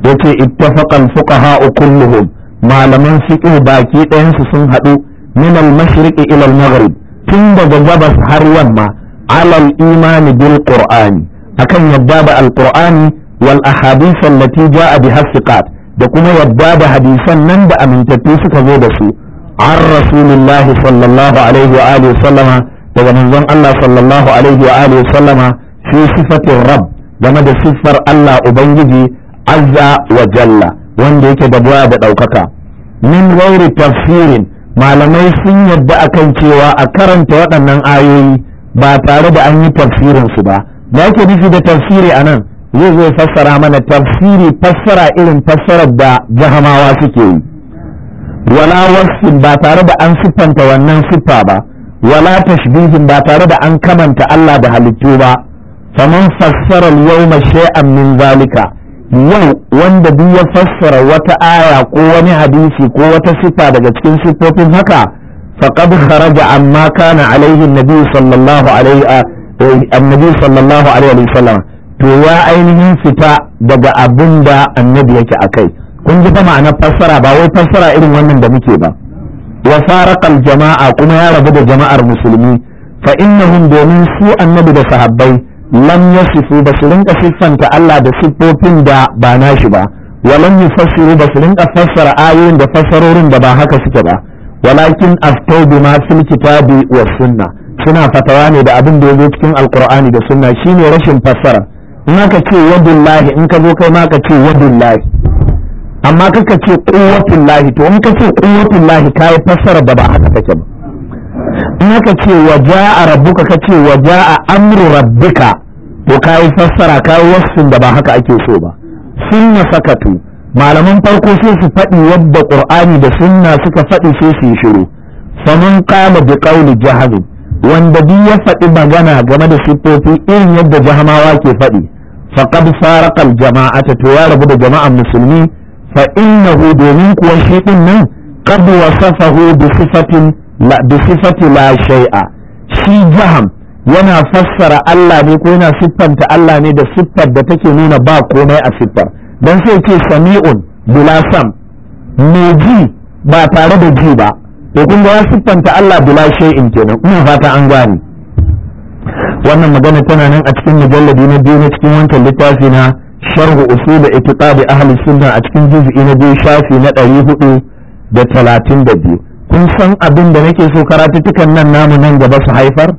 yace ittafaqa al-fuqaha kulluhum malaman fiqh baki ɗayansu sun haɗu min al-mashriq ila maghrib tun daga gabas har yamma ala al-imani bil qur'ani akan yadda da al-qur'ani wal ahadith allati a biha thiqat da kuma yadda hadisan nan da amintattu suka zo da su an rasulillahi sallallahu alaihi wa alihi daga manzon Allah sallallahu alaihi wa alihi sallama fi sifatin rabb game da siffar Allah ubangiji azza wa jalla wanda yake da buwa da ɗaukaka min gairi tafsirin malamai sun yadda akan cewa a karanta waɗannan ayoyi ba tare da an yi tafsirin su ba da yake nufi da tafsiri a nan zai zo fassara mana tafsiri fassara irin fassarar da jahamawa suke yi wala wasu ba tare da an siffanta wannan siffa ba wala tashbihin ba tare da an kamanta Allah da halittu ba faman fassara yawma shay'an min zalika yau wanda duk ya fassara wata aya ko wani hadisi ko wata sifa daga cikin siffofin haka faqad kharaja amma kana alaihi annabi sallallahu alaihi annabi sallallahu alaihi to ya ainihin fita daga abinda annabi yake akai kun ji fa ma'anar fassara ba wai fassara irin wannan da muke ba wa farakal jama'a kuma ya rabu da jama'ar musulmi fa innahum domin su annabi da sahabbai lam yasifu ba su rinka siffanta Allah da siffofin da ba shi ba walam yufassiru ba su rinka fassara ayoyin da fassarorin da ba haka suke ba walakin aftau bima fil kitabi wa sunna suna fatawa ne da abin da ya yazo cikin alkur'ani da sunna shine rashin fassara in aka ce wadullahi in ka zo kai ma ka ce wadullahi amma kaka ce kuwatun lahi to in ka ce kuwatun lahi ka yi fassara da ba haka take ba in aka ce wa a rabbuka ka ce wa a amru rabbika to ka yi fassara ka yi wasu da ba haka ake so ba sunna sakatu malaman farko sai su faɗi wadda qur'ani da sunna suka faɗi sai su yi shiru faman kala bi qawli jahazin wanda duk ya faɗi magana game da siffofi irin yadda jahamawa ke faɗi faqad faraqal jama'ata to ya rabu da jama'ar musulmi fa innahu domin kuwa shi nan qad wasafahu bi sifatin la bi sifati la shay'a shi jaham yana fassara Allah ne ko yana siffanta Allah ne da siffar da take nuna ba komai a siffar dan sai ce sami'un bila sam me ji ba tare da ji ba to kun ga siffanta Allah bila shay'in kenan kuma fata an gwani. wannan magana tana nan a cikin mujalladi na biyu na cikin wancan littafi na sharhu usul itiqad ahli sunna a cikin juz'i na biyu shafi na ɗari hudu da talatin da biyu kun san abin da nake so karatuttukan nan namu nan gaba su haifar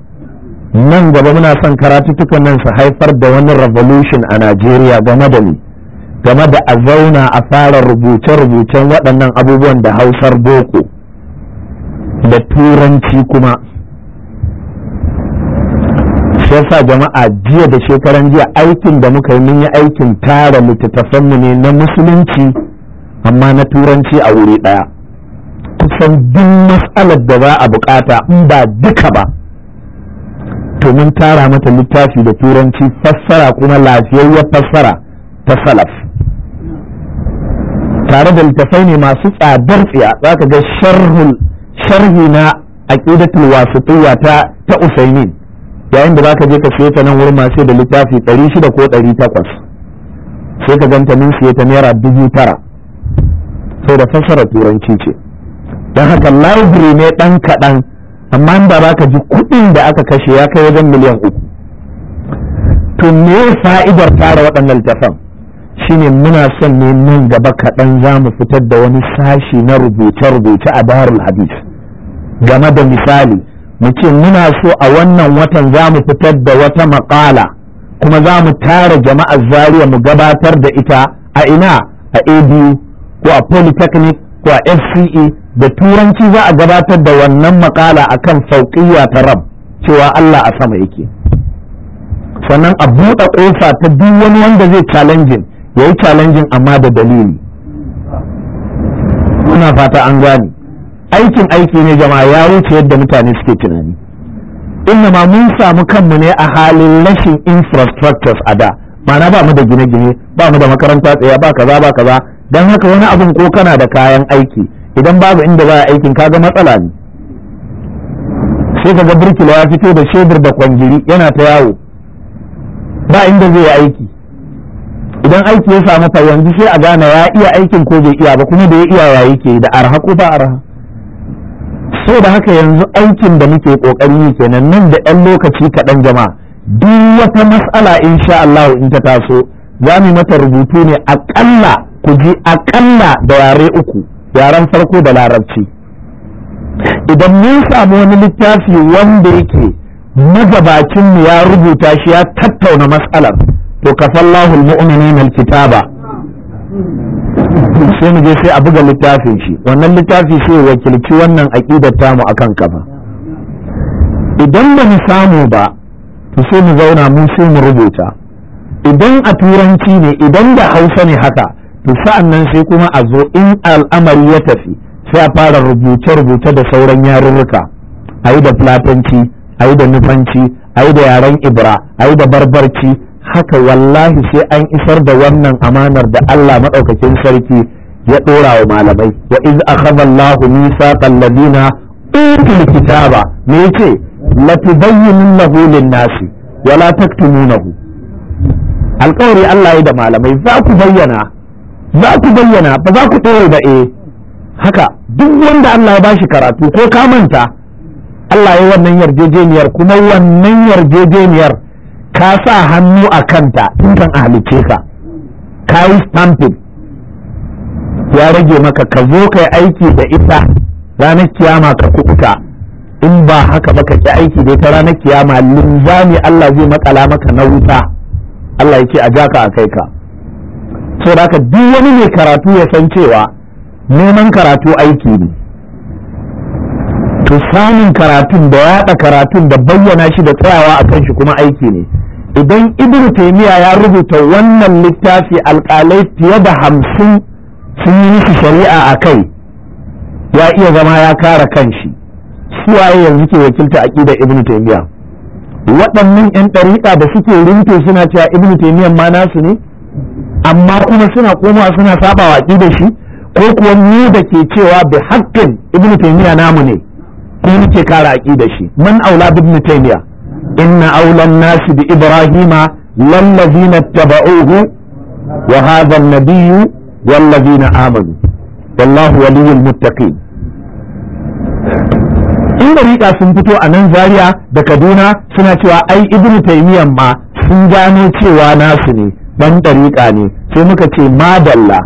nan gaba muna son karatuttukan nan su haifar da wani revolution a Najeriya game da ni game da a zauna a fara rubuce-rubucen waɗannan abubuwan da hausar boko da turanci kuma shi yasa jama'a jiya da shekaran jiya aikin da muka yi mun yi aikin tara littattafanmu ne na musulunci amma na turanci a wuri ɗaya kusan duk matsalar da za a bukata in ba duka ba to mun tara mata littafi da turanci fassara kuma lafiyayyar fassara ta salaf tare da littafai ne masu tsadar tsiya za ka ga sharhi na aqidatul wasitiyya ta ta usaimin yayin da zaka je ka siye ta nan wurin ma da littafi ɗari shida ko ɗari takwas sai ka ganta mun siye ta naira dubu tara sai da fassara turanci ce don haka library ne ɗan kaɗan amma in ba ka ji kuɗin da aka kashe ya kai wajen miliyan uku to me fa'idar tara waɗannan littafan shine muna son ne nan gaba kaɗan za mu fitar da wani sashi na rubuce-rubuce a darul hadis game da misali mu ce muna so a wannan watan za mu fitar da wata maƙala kuma za mu tara jama'ar Zariya mu gabatar da ita a ina a abu ko a polytechnic ko a fce da turanci za a gabatar da wannan maƙala a kan sauƙiya ta rab cewa allah a sama yake sannan a buɗe ƙofa ta duk wani wanda zai challenging ya yi challenging amma da dalili muna fata an gane aikin aiki ne jama'a ya wuce yadda mutane suke tunani inna ma mun samu kanmu ne a halin rashin infrastructures a da ma'ana ba mu da gine-gine ba mu da makaranta tsaya ba kaza ba kaza don haka wani abin ko kana da kayan aiki idan babu inda ba aikin kaga matsala ne sai kaga birkila ya fito da shebir da kwangiri yana ta yawo ba inda zai yi aiki idan aiki ya samu fa yanzu sai a gane ya iya aikin ko bai iya ba kuma da ya iya ya yake da arha ko ba arha so da haka yanzu aikin da muke kokari yi kenan nan da ɗan lokaci kaɗan jama, duk wata mas'ala insha Allah in ta taso za mu mata rubutu ne akalla ku ji akalla da yare uku yaren farko da larabci idan mun samu wani littafi wanda yake magabacin mu ya rubuta shi ya tattauna matsalar to kafallahu almu'minina alkitaba sai mu je sai a buga littafin shi wannan littafi ya wakilci wannan aƙidar tamu akan kafa idan ba mu samu ba to sai mu zauna mu sai mu rubuta idan a turanci ne idan da hausa ne haka to sa'annan sai kuma a zo in al'amari ya tafi sai a fara rubuce-rubuce da sauran yarurruka a yi da fulatanci a yi da nufanci a yi da yaren ibra a yi da barbarci haka wallahi sai an isar da wannan amanar da Allah madaukakin sarki ya dora wa malamai wa iz akhadha Allahu mithaqa ladina utul kitaba me yace latubayyinunahu lin-nasi wa la taktumunahu alƙawari Allah ya da malamai za ku bayyana za ku bayyana ba za ku tsoro ba? eh haka duk wanda Allah ya bashi karatu ko ka manta Allah ya wannan yarjejeniyar kuma wannan yarjejeniyar ka sa hannu a kanta in kan a halice ka ka yi stamping ya rage maka ka zo ka yi aiki da ita ranar kiyama ka kuɓuta in ba haka ba ka ki aiki da ita ranar kiyama linzami Allah zai makala maka na wuta Allah yake a jaka a kai ka da ka duk wani mai karatu ya san cewa neman karatu aiki ne wato samun karatun da yaɗa karatun da bayyana shi da tsayawa a kan shi kuma aiki ne idan ibn taymiya ya rubuta wannan littafi alƙalai fiye da hamsin sun yi shari'a a kai ya iya zama ya kare kanshi suwaye yanzu ke wakilta aƙida ibn taymiya waɗannan 'yan ɗariƙa da suke rinto suna cewa ibn taymiya ma nasu ne amma kuma suna komawa suna saba wa da shi ko kuwa mu da ke cewa bi haƙƙin ibn taymiya namu ne ko muke kara da shi man aula ibn taymiya inna aula an-nas bi ibrahima lallazina tabauhu wa hadha an-nabiyyu wallazina amanu wallahu waliyyul muttaqin in dariƙa sun fito a nan zaria da kaduna suna cewa ai ibn taymiyan ma sun gano cewa nasu ne ban dariƙa ne sai muka ce madalla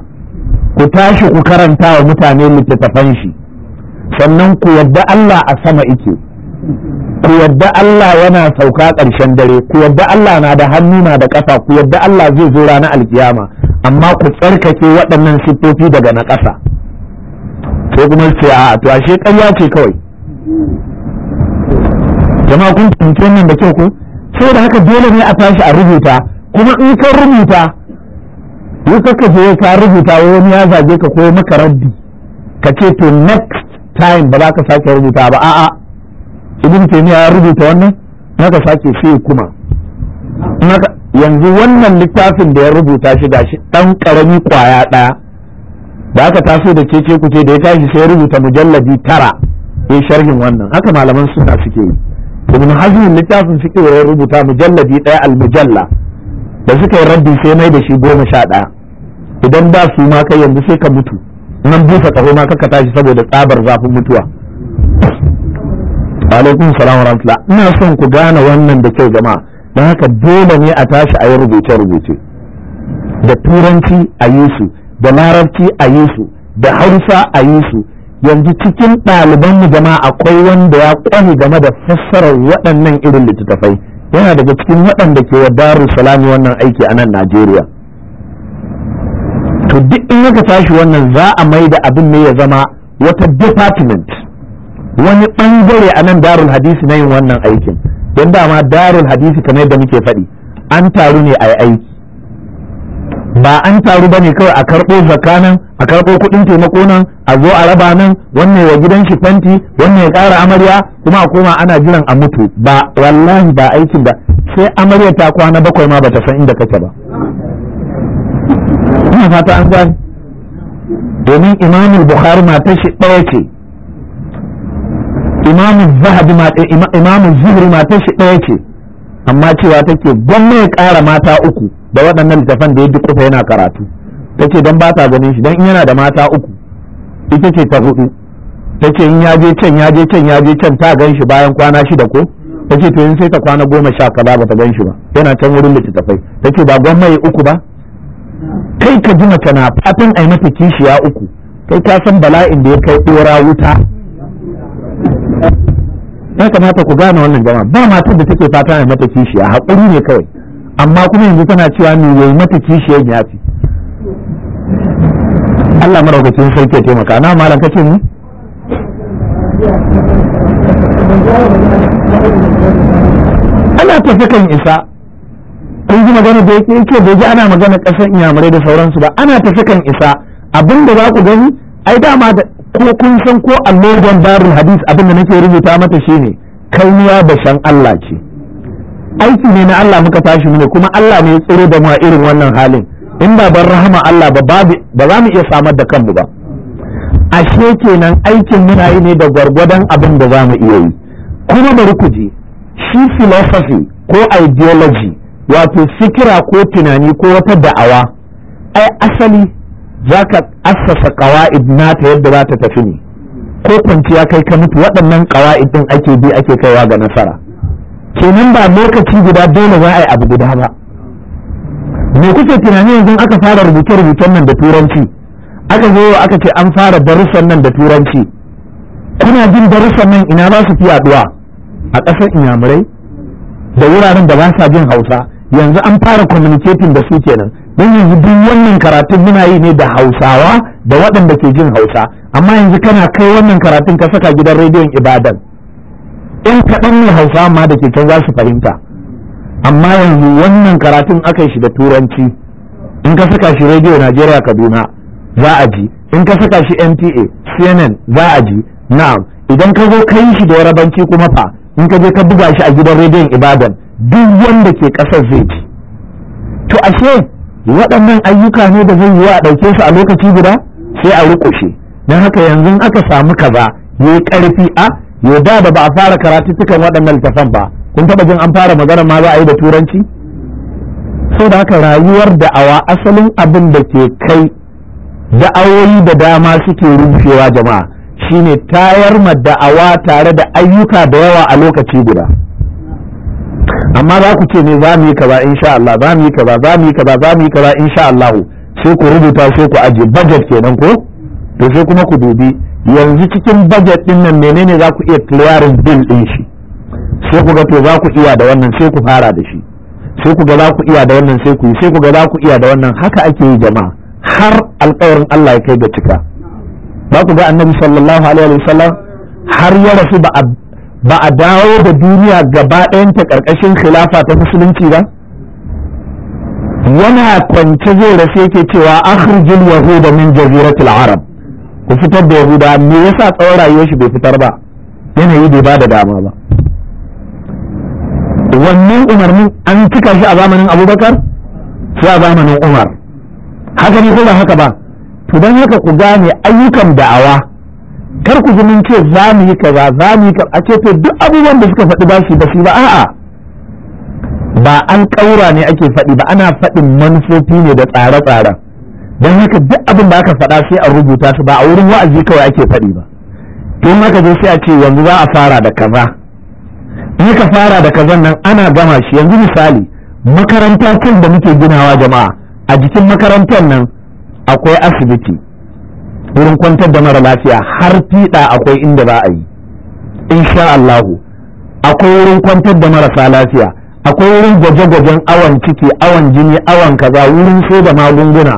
ku tashi ku karanta wa mutane littattafan shi sannan ku yadda Allah a sama ike ku yadda Allah yana sauka ƙarshen dare ku yadda Allah na da hannu na da ƙasa ku yadda Allah zai zo ranar alkiyama amma ku tsarkake waɗannan siffofi daga na ƙasa sai kuma ce a to ashe ƙarya ce kawai jama'a kun fahimci nan da kyau ko saboda haka dole ne a tashi a rubuta kuma in ka rubuta in ka je ka rubuta wani ya zage ka ko maka rabbi ka ce to next time ba za ka sake rubuta ba a'a ibn taymiya ya rubuta wannan Na ka sake sai kuma yanzu wannan littafin da ya rubuta shi shi dan karami kwaya daya da aka taso da kece kuce da ya tashi sai rubuta mujalladi tara ya sharhin wannan haka malaman suna suke yi ibn hazm littafin suke ya rubuta mujalladi daya al-mujalla da suka yi raddi sai mai da shi goma sha daya idan ba su ma kai yanzu sai ka mutu nan bufa kaho ma kakka tashi saboda tsabar zafin mutuwa alaikum salam wa rahmatullah ina son ku gane wannan da kyau jama'a don haka dole ne a tashi a yi rubuce rubuce da turanci a yi su da larabci a yi su da hausa a yi su yanzu cikin ɗaliban mu jama'a akwai wanda ya kwani game da fassarar waɗannan irin littattafai yana daga cikin waɗanda ke wa darussalami wannan aiki a nan najeriya to duk in aka tashi wannan za a mai da abin ne ya zama wata department wani bangare a nan darul hadisi na yin wannan aikin don dama darul hadisi kamar yadda muke faɗi an taru ne a aiki ba an taru ba ne kawai a karɓo zakanan, a karɓo kuɗin taimako nan a zo a raba nan wannan ya gidan shi fanti wannan ya ƙara amarya kuma a koma ana jiran a mutu ba wallahi ba aikin ba sai amarya ta kwana bakwai ma bata san inda kake ba ina fata an gani domin imam bukhari matar shi ɗaya ce imam zahabi eh, imam zuhri matar shi ɗaya ce amma cewa take gwamna ya ƙara mata uku da waɗannan littafan da ya kufa yana karatu ce don ba ta ganin shi don in yana da mata uku ita ce ta hudu tace in ya je can ya je can ya je can ta gan shi bayan kwana shida ko ce to in sai ta kwana goma sha kaza ba ta gan shi ba yana can wurin littattafai ce ba gwamna ya uku ba kai ka ji mace na fatan ai mata kishiya uku kai ka san bala'in da ya kai dora wuta ya kamata ku gane wannan gama. ba matan da take fata ai mata kishiya haƙuri ne kawai amma kuma yanzu tana cewa ni yayi mata kishiyar yafi Allah maraukacin sarki ya taimaka na malam kace ni ana tafi kan isa kun ji magana da yake yake bai ji ana magana ƙasar inyamurai da sauransu ba ana ta sakan isa abin da za ku gani ai dama da ko kun san ko allojan barin hadis abin da nake rubuta mata shi ne kauniya bashan Allah ce aiki ne na Allah muka tashi mu kuma Allah ne ya tsiro da mu a irin wannan halin in ba ban rahama Allah ba ba za mu iya samar da kanmu ba ashe kenan aikin muna yi ne da gwargwadon abin da za mu iya yi kuma bari ku je shi philosophy ko ideology wato fikira ko tunani ko wata da'awa ai asali za ka assasa ƙawa'id nata yadda za ta tafi ne ko kwanciya kai ka mutu waɗannan ƙawa'id ɗin ake bi ake kaiwa ga nasara kenan ba lokaci guda dole za a yi abu guda ba me kuke tunani yanzu aka fara rubuce-rubucen nan da turanci aka zo aka ce an fara darussan nan da turanci kuna jin darussan nan ina za su fi yaɗuwa a ƙasar inyamurai da wuraren da ba sa jin hausa yanzu an fara communicating da su kenan don yanzu duk wannan karatun muna yi ne da hausawa da waɗanda ke jin hausa amma yanzu kana kai wannan karatun ka saka gidan rediyon ibadan in kaɗan ne hausa ma da ke can za su fahimta amma yanzu wannan karatun aka yi shi da turanci in ka saka shi rediyo najeriya kaduna za a ji in ka saka shi nta cnn za a ji na'am idan ka zo kai shi da yarabanci kuma fa in ka je ka buga shi a gidan rediyon ibadan duk wanda ke ƙasar zai ci to ashe waɗannan ayyuka ne da zai yi wa a ɗauke su a lokaci guda sai a rukushe don haka yanzu aka samu kaza yayi ƙarfi a da ba a fara karatu cikin waɗannan littafan ba kun taɓa jin an fara magana ma za a yi da turanci sau da haka rayuwar da'awa asalin abin da ke kai da'awoyi da dama suke rufewa jama'a shine tayar ma da'awa tare da ayyuka da yawa a lokaci guda amma za ku ce ne za mu yi kaza sha Allah za mu yi kaza za mu yi kaza za mu yi kaza sha Allah sai ku rubuta sai ku aje budget kenan ko to sai kuma ku dubi yanzu cikin budget din nan menene za ku iya clearing bill din shi sai ku ga to za ku iya da wannan sai ku fara da shi sai ku ga za ku iya da wannan sai ku yi sai ku ga za ku iya da wannan haka ake yi jama'a har alƙawarin Allah ya kai ga cika za ku ga annabi sallallahu alaihi wasallam har ya rasu ba ba a dawo da duniya gaba ɗayanta ƙarƙashin khilafa ta musulunci ba yana kwance zai rasu yake cewa akhrijul yahuda min jaziratul arab ku fitar da yahuda me yasa tsawon rayuwar shi bai fitar ba yanayi bai ba da dama ba wannan umarnin an cika shi a zamanin abubakar shi a zamanin umar haka ne ko ba haka ba to don haka ku gane ayyukan da'awa kar ku ji mun ce za mu yi kaza za mu yi kaza a ce to duk abubuwan da suka faɗi ba shi ba shi ba a'a ba an ƙaura ne ake faɗi ba ana faɗin manufofi ne da tsare-tsaren don haka duk abin da aka faɗa sai a rubuta su ba a wurin wa'azi kawai ake faɗi ba Don haka zo sai a ce yanzu za a fara da kaza in ka fara da kazan nan ana gama shi yanzu misali makarantar kan da muke ginawa jama'a a jikin makarantar nan akwai asibiti wurin kwantar da mara lafiya har fiɗa akwai inda za a yi insha Allahu akwai wurin kwantar da marasa lafiya akwai wurin gwaje-gwajen awon ciki awon jini awon kaza wurin sai da magunguna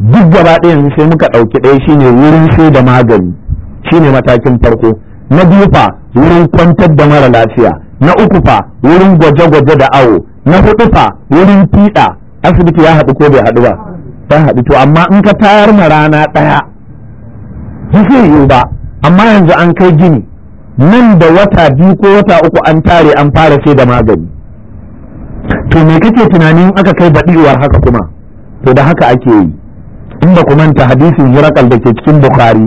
duk gaba ɗaya yanzu sai muka ɗauki ɗaya shine wurin sai da magani shine matakin farko na biyu fa wurin kwantar da mara lafiya na uku fa wurin gwaje-gwaje da awo na hudu fa wurin fiɗa asibiti ya haɗu ko bai haɗu ba ta haɗu to amma in ka tayar ma rana ɗaya ba zai yiwu ba amma yanzu an kai gini nan da wata biyu ko wata uku an tare an fara sai da magani to me kake tunanin aka kai baɗiwar haka kuma to da haka ake yi inda ku manta hadisin hirakal da ke cikin bukhari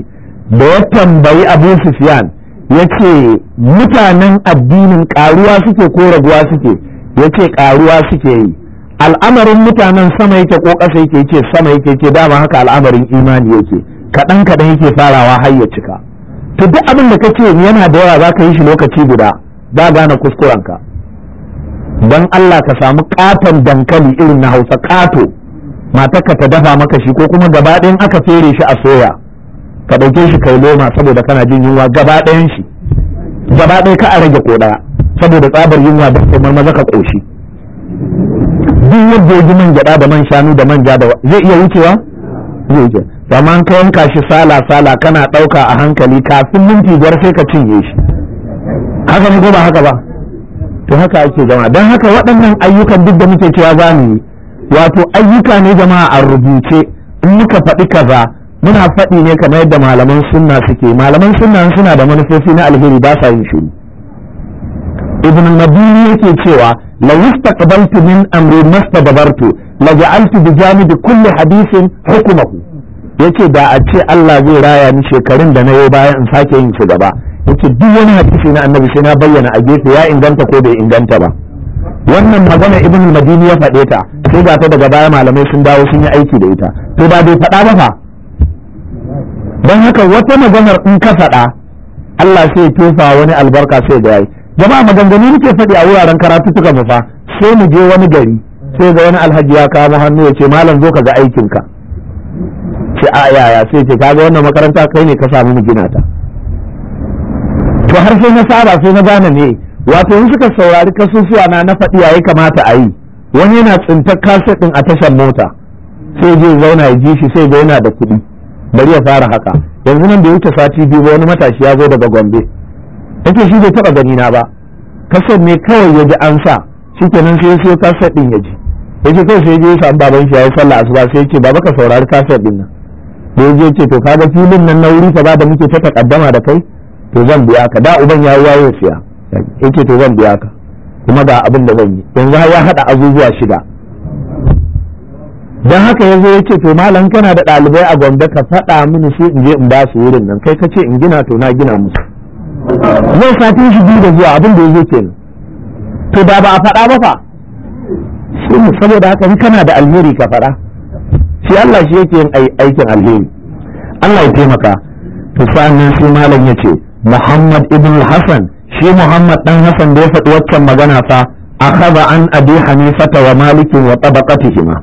da ya tambayi abu siyan ya ce mutanen addinin karuwa suke ko raguwa suke ya ce karuwa suke yi al'amarin mutanen sama yake ko ƙasa yake ce sama yake ce dama haka al'amarin imani yake kaɗan kaɗan yake farawa har ya cika to duk abin da ni yana da yawa za ka yi shi lokaci guda ba gane ka, don Allah ka samu katon dankali irin na hausa kato matarka ta dafa maka shi ko kuma gaba ɗayan aka fere shi a soya ka ɗauke shi kai loma saboda kana jin yunwa gaba ɗayan shi gaba ɗaya ka a rage koda saboda tsabar yunwa da kuma maza ka ƙoshi duk yadda ya ji man gyaɗa da man shanu da man ja da zai iya wucewa zai amma ka yanka shi sala sala kana ɗauka a hankali kafin minti biyar sai ka cinye shi haka ne ko ba haka ba to haka ake zama. don haka waɗannan ayyukan duk da muke cewa za mu yi wato ayyuka ne jama'a a rubuce in muka faɗi kaza muna faɗi ne kamar yadda malaman sunna suke malaman sunna suna da manufofi na alheri ba sa yin shiru ibn nabili yake cewa la yustaqbaltu min amri mastadabartu la ja'altu bi janibi kulli hadithin hukumahu yace da a ce Allah zai raya ni shekarun da na yi bayan in sake yin su gaba yace duk wani hadisi na annabi sai na bayyana a gefe ya inganta ko bai inganta ba wannan magana ibn madini ya faɗe ta sai ga ta daga baya malamai sun dawo sun yi aiki da ita to ba bai faɗa ba fa don haka wata maganar in ka faɗa Allah sai tofa wani albarka sai da yayi jama'a maganganu muke faɗi a wuraren karatuttuka mu fa sai mu je wani gari sai ga wani alhaji ya kawo hannu ya ce malam zo ka ga aikin ka ce a yaya sai ce kaga wannan makaranta kai ne ka samu mu gina ta to har sai na saba sai na gane ne wato in suka saurari kasusuwa na na faɗi yayi kamata a yi wani yana tsintar kaset din a tashar mota sai je zauna ya ji shi sai ga yana da kuɗi bari ya fara haka yanzu nan bai wuce sati biyu ba wani matashi ya zo daga Gombe yake shi bai taɓa gani na ba kaset ne kawai ya ji an sa shikenan sai sai siyo kaset ya ji yake kai sai je ya samu baban shi ya yi sallah asuba sai ya ce baba ka saurari kaset din nan da ya ce to kaga filin nan na wuri ba da muke ta takaddama da kai to zan biya ka da uban ya waye siya yake to zan biya ka kuma ga abin da zan yi yanzu ya hada azuzuwa shida don haka ya zo ya ce to malam kana da ɗalibai a gombe ka faɗa mini su in je in ba su wurin nan kai ka ce in gina to na gina musu zai sati shi biyu da zuwa abin da ya zo kenan to da ba a faɗa ba fa saboda haka in kana da alheri ka faɗa shi Allah shi yake yin aikin alheri Allah ya taimaka to sa'annan sai malam yace Muhammad ibn Hassan shi Muhammad dan Hassan da ya faɗi waccan magana fa akhadha an Abi Hanifa wa Malik wa tabaqatihima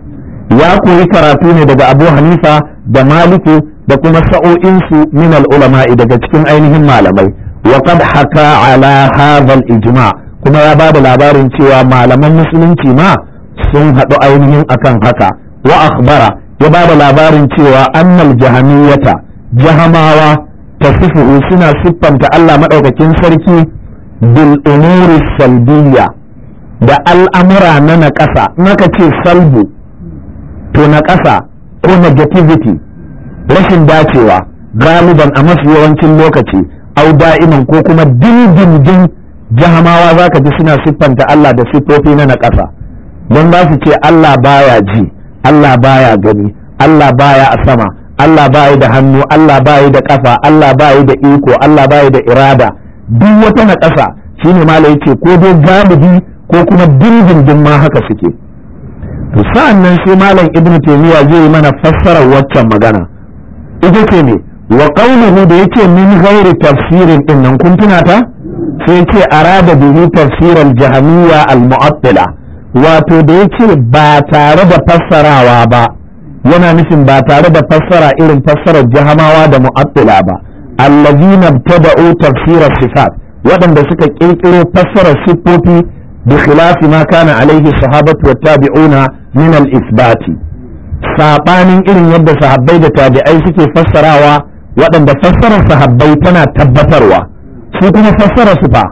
ya koyi karatu ne daga Abu Hanifa da Malik da kuma su min al-ulama daga cikin ainihin malamai wa qad haka ala hadha al-ijma kuma ya bada labarin cewa malaman musulunci ma sun haɗu ainihin akan haka wa akhbara ya ba da labarin cewa annal jahamiyata jahamawa tasifu suna siffanta Allah maɗaukakin sarki bil umuri salbiya da al'amura na naƙasa naka ce salbu to naƙasa ko negativity rashin dacewa galiban a mafi yawancin lokaci au da'iman ko kuma dindindin jahamawa za ka ji suna siffanta Allah da siffofi na naƙasa don za su ce Allah baya ji Allah baya gani Allah baya a sama Allah baya da hannu Allah baya da kafa Allah baya da iko Allah baya da irada duk wata na ƙasa shine mala yake ko dai galibi ko kuma dindindin ma haka suke to sa'an nan sai malam ibnu taymiya zai yi mana fassarar waccan magana ita ce ne wa qawluhu da yake min ghairi tafsirin din nan kun tuna ta sai yace arada bihi tafsiran jahmiya al-mu'attila wato da ya ce ba tare da fassarawa ba yana nufin ba tare da fassara irin fassarar jahamawa da mu'attila ba allazina taba'u tafsirar sifat waɗanda suka ƙirƙiro fassarar siffofi bi khilafi ma kana alaihi sahabatu wa tabi'una min al-isbati sabanin irin yadda sahabbai da tabi'ai suke fassarawa waɗanda fassarar sahabbai tana tabbatarwa su kuma fassarar su fa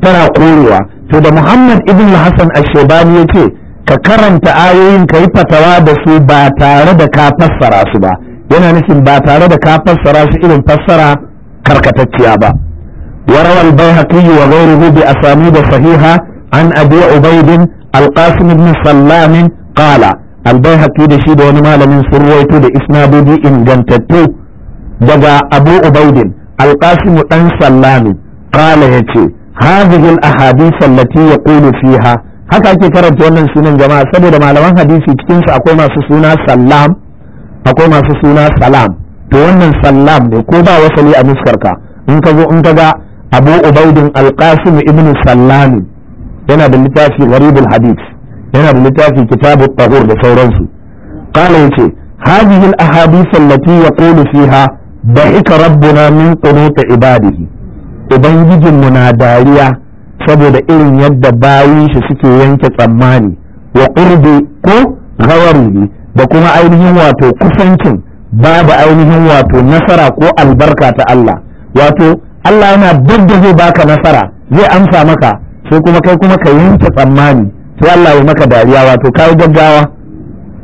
tana korewa to da muhammad ibn hassan ashebani ya ce ka karanta ayoyin ka yi fatawa da su ba tare da ka fassara su ba yana nufin ba tare da ka fassara su irin fassara karkatacciya ba وروى البيهقي وغيره بأسانيد صحيحة عن أبي عبيد القاسم بن سلام قال البيهقي دشيد ونمال من سرويته لإسناد دي إن جنتتو دقى أبو عبيد القاسم بن سلام قال يتي hadhihi al-ahadith allati yaqulu fiha haka ake karanta wannan sunan jama'a saboda malaman hadisi cikin su akwai masu suna sallam akwai masu suna salam to wannan sallam ne ko ba wasali a muskarka in ka zo in ka ga abu ubaidin alqasim ibn sallam yana da littafi gharibul hadith yana da littafi kitabut tahur da sauransu qala yace hadhihi al-ahadith allati yaqulu fiha ضحك ربنا من قنوط عباده ubangijinmu na dariya saboda irin yadda bayin shi suke yanke tsammani wa qurbi ko ghawaruhi da kuma ainihin wato kusancin babu ainihin wato nasara ko albarka ta Allah wato Allah yana da zai baka nasara zai amsa maka sai kuma kai kuma ka yanke tsammani sai Allah ya maka dariya wato kai gaggawa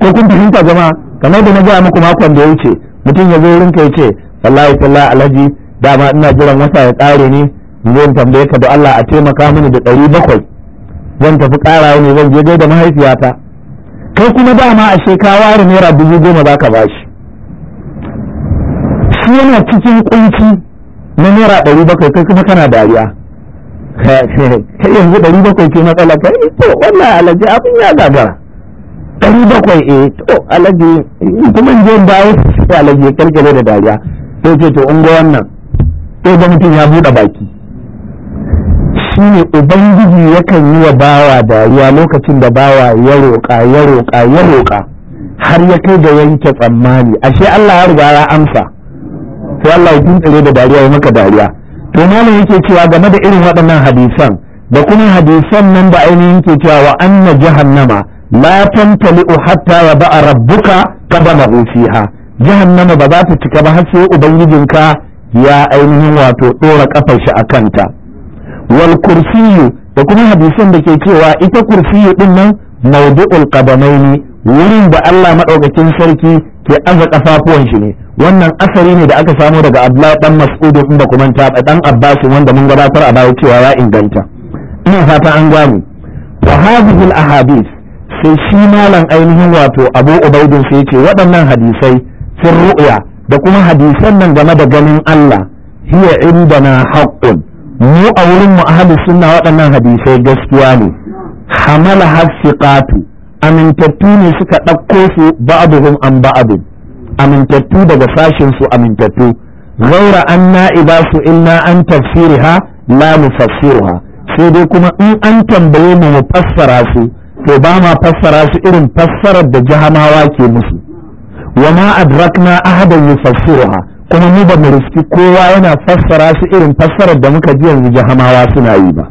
ko kun fahimta jama'a kamar da na gaya muku makon da ya wuce mutum ya zo wurinka ya ce wallahi tallahi alhaji dama ina jiran wata ya ƙare ni zan tambaye ka da Allah a taimaka mini da ɗari bakwai zan tafi ƙara ne zan je da mahaifiyata kai kuma dama a shekara naira dubu goma za ka bashi shi yana cikin kunci na naira ɗari bakwai kai kuma kana dariya kai yanzu ɗari bakwai ke matsala kai to wannan alaji abin ya gagara ɗari bakwai eh to alaji kuma in je in dawo alaji ya kirkire da dariya sai ce to in wannan sai da mutum ya buɗe baki shi ne ubangiji yakan yi wa bawa dariya lokacin da bawa ya roƙa ya roƙa ya roƙa har ya kai da yanke tsammani ashe Allah ya riga ya amsa sai Allah ya tuntsire da dariya ya maka dariya to malam yake cewa game da irin waɗannan hadisan da kuma hadisan nan da ainihin yake cewa wa anna jahannama la tantali'u hatta ya a rabbuka qadamahu fiha jahannama ba za ta cika ba har sai ubangijinka ya ainihin wato ɗora ƙafar shi a kanta wal kursiyu da kuma hadisin da ke cewa ita kursiyu din nan maudu'ul ne wurin da Allah madaukakin sarki ke aza kafafuwan shi ne wannan asali ne da aka samo daga abla ɗan Mas'ud in ba kuma ta dan Abbas wanda mun gabatar a baya cewa ya inganta ina fata an gane wa hadhihi ahadith sai shi malam ainihin wato Abu Ubaidin sai ce, waɗannan hadisai sun ru'ya da kuma hadisan nan game da ganin Allah hiya indana haqqun mu a wurin mu ahlus sunna waɗannan hadisai gaskiya ne hamala hasiqatu amintattu ne suka ɗauko su ba'duhum an ba'd amintattu daga sashin su amintattu ghaura anna ibasu illa an tafsirha la mufassirha sai dai kuma in an tambaye mu mu fassara su to ba ma fassara su irin fassarar da jahamawa ke musu wa ma adrakna ahadan yufassiruha kuma mu ba mu riski kowa yana fassara su irin fassarar da muka ji yanzu jahamawa suna yi ba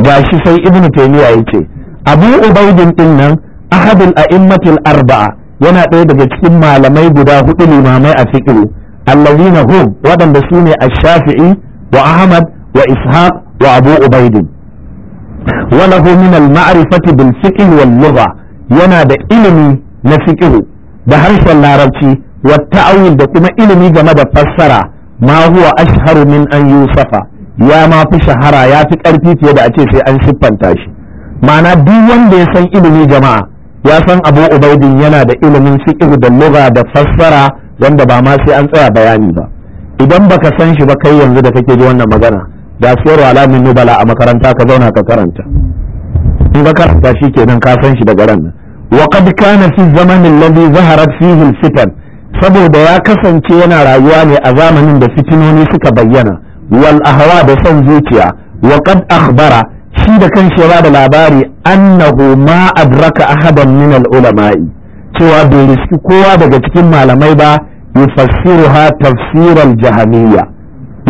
gashi sai ibnu taymiya yace abu ubaidin din nan ahadul a'immatul arba'a yana ɗaya daga cikin malamai guda hudu limamai a fiqh allazina hum waɗanda su ne ash-shafi'i wa ahmad wa ishaq wa abu ubaidin wa lahu min al-ma'rifati bil fiqh wal lugha yana da ilimi na fiqh da harshen larabci wa auyin da kuma ilimi game da fassara ma huwa ashharu min an yusafa ya ma fi shahara ya fi ƙarfi fiye da a ce sai an siffanta shi ma'ana duk wanda ya san ilimi jama'a ya san abu ubaidin yana da ilimin sikir da lura da fassara wanda ba ma sai an tsaya bayani ba idan baka san shi ba kai yanzu da kake ji wannan magana da siyar alamin nubala a makaranta ka zauna ka karanta in ka karanta shi kenan ka san shi daga ran nan wa qad kana fi zamanin ladhi zaharat fihi saboda ya kasance yana rayuwa ne a zamanin da fitinoni suka bayyana wal ahwa da son zuciya wa qad akhbara shi da kanshi ya bada labari annahu ma adraka ahadan min al ulama'i cewa bai riski kowa daga cikin malamai ba yufassiruha tafsiral jahamiyya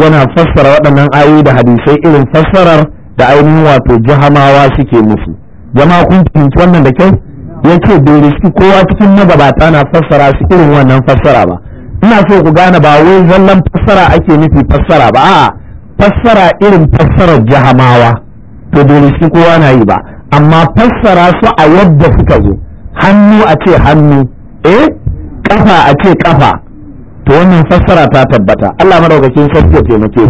yana fassara waɗannan ayoyi da hadisai irin fassarar da ainihin wato jahamawa suke musu jama'a kun fahimci wannan da kyau ya ce bai kowa cikin magabata na fassara su irin wannan fassara ba ina so ku gane ba wai zallan fassara ake nufi fassara ba a'a fassara irin fassarar jahamawa to bai kowa na yi ba amma fassara su a yadda suka zo hannu a ce hannu eh kafa a ce kafa to wannan fassara ta tabbata Allah madaukakin sarki ya taimake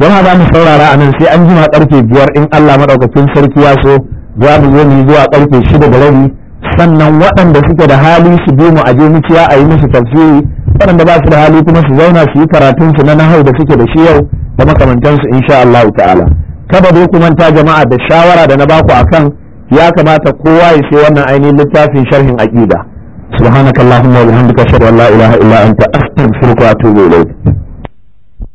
jama'a za mu saurara anan sai an jima karfe biyar in Allah madaukakin sarki ya so za mu zo mu zuwa karfe shida da rabi sannan waɗanda suke da hali su bi mu aje muciya a yi musu tafsiri waɗanda ba su da hali kuma su zauna su yi karatun su na nahau da suke da shi yau da makamantansu insha Allah ta'ala kada dai ku manta jama'a da shawara da na baku akan ya kamata kowa ya sai wannan ainihin littafin sharhin aqida subhanakallahumma wa bihamdika ashhadu an la ilaha illa anta astaghfiruka wa atubu ilayk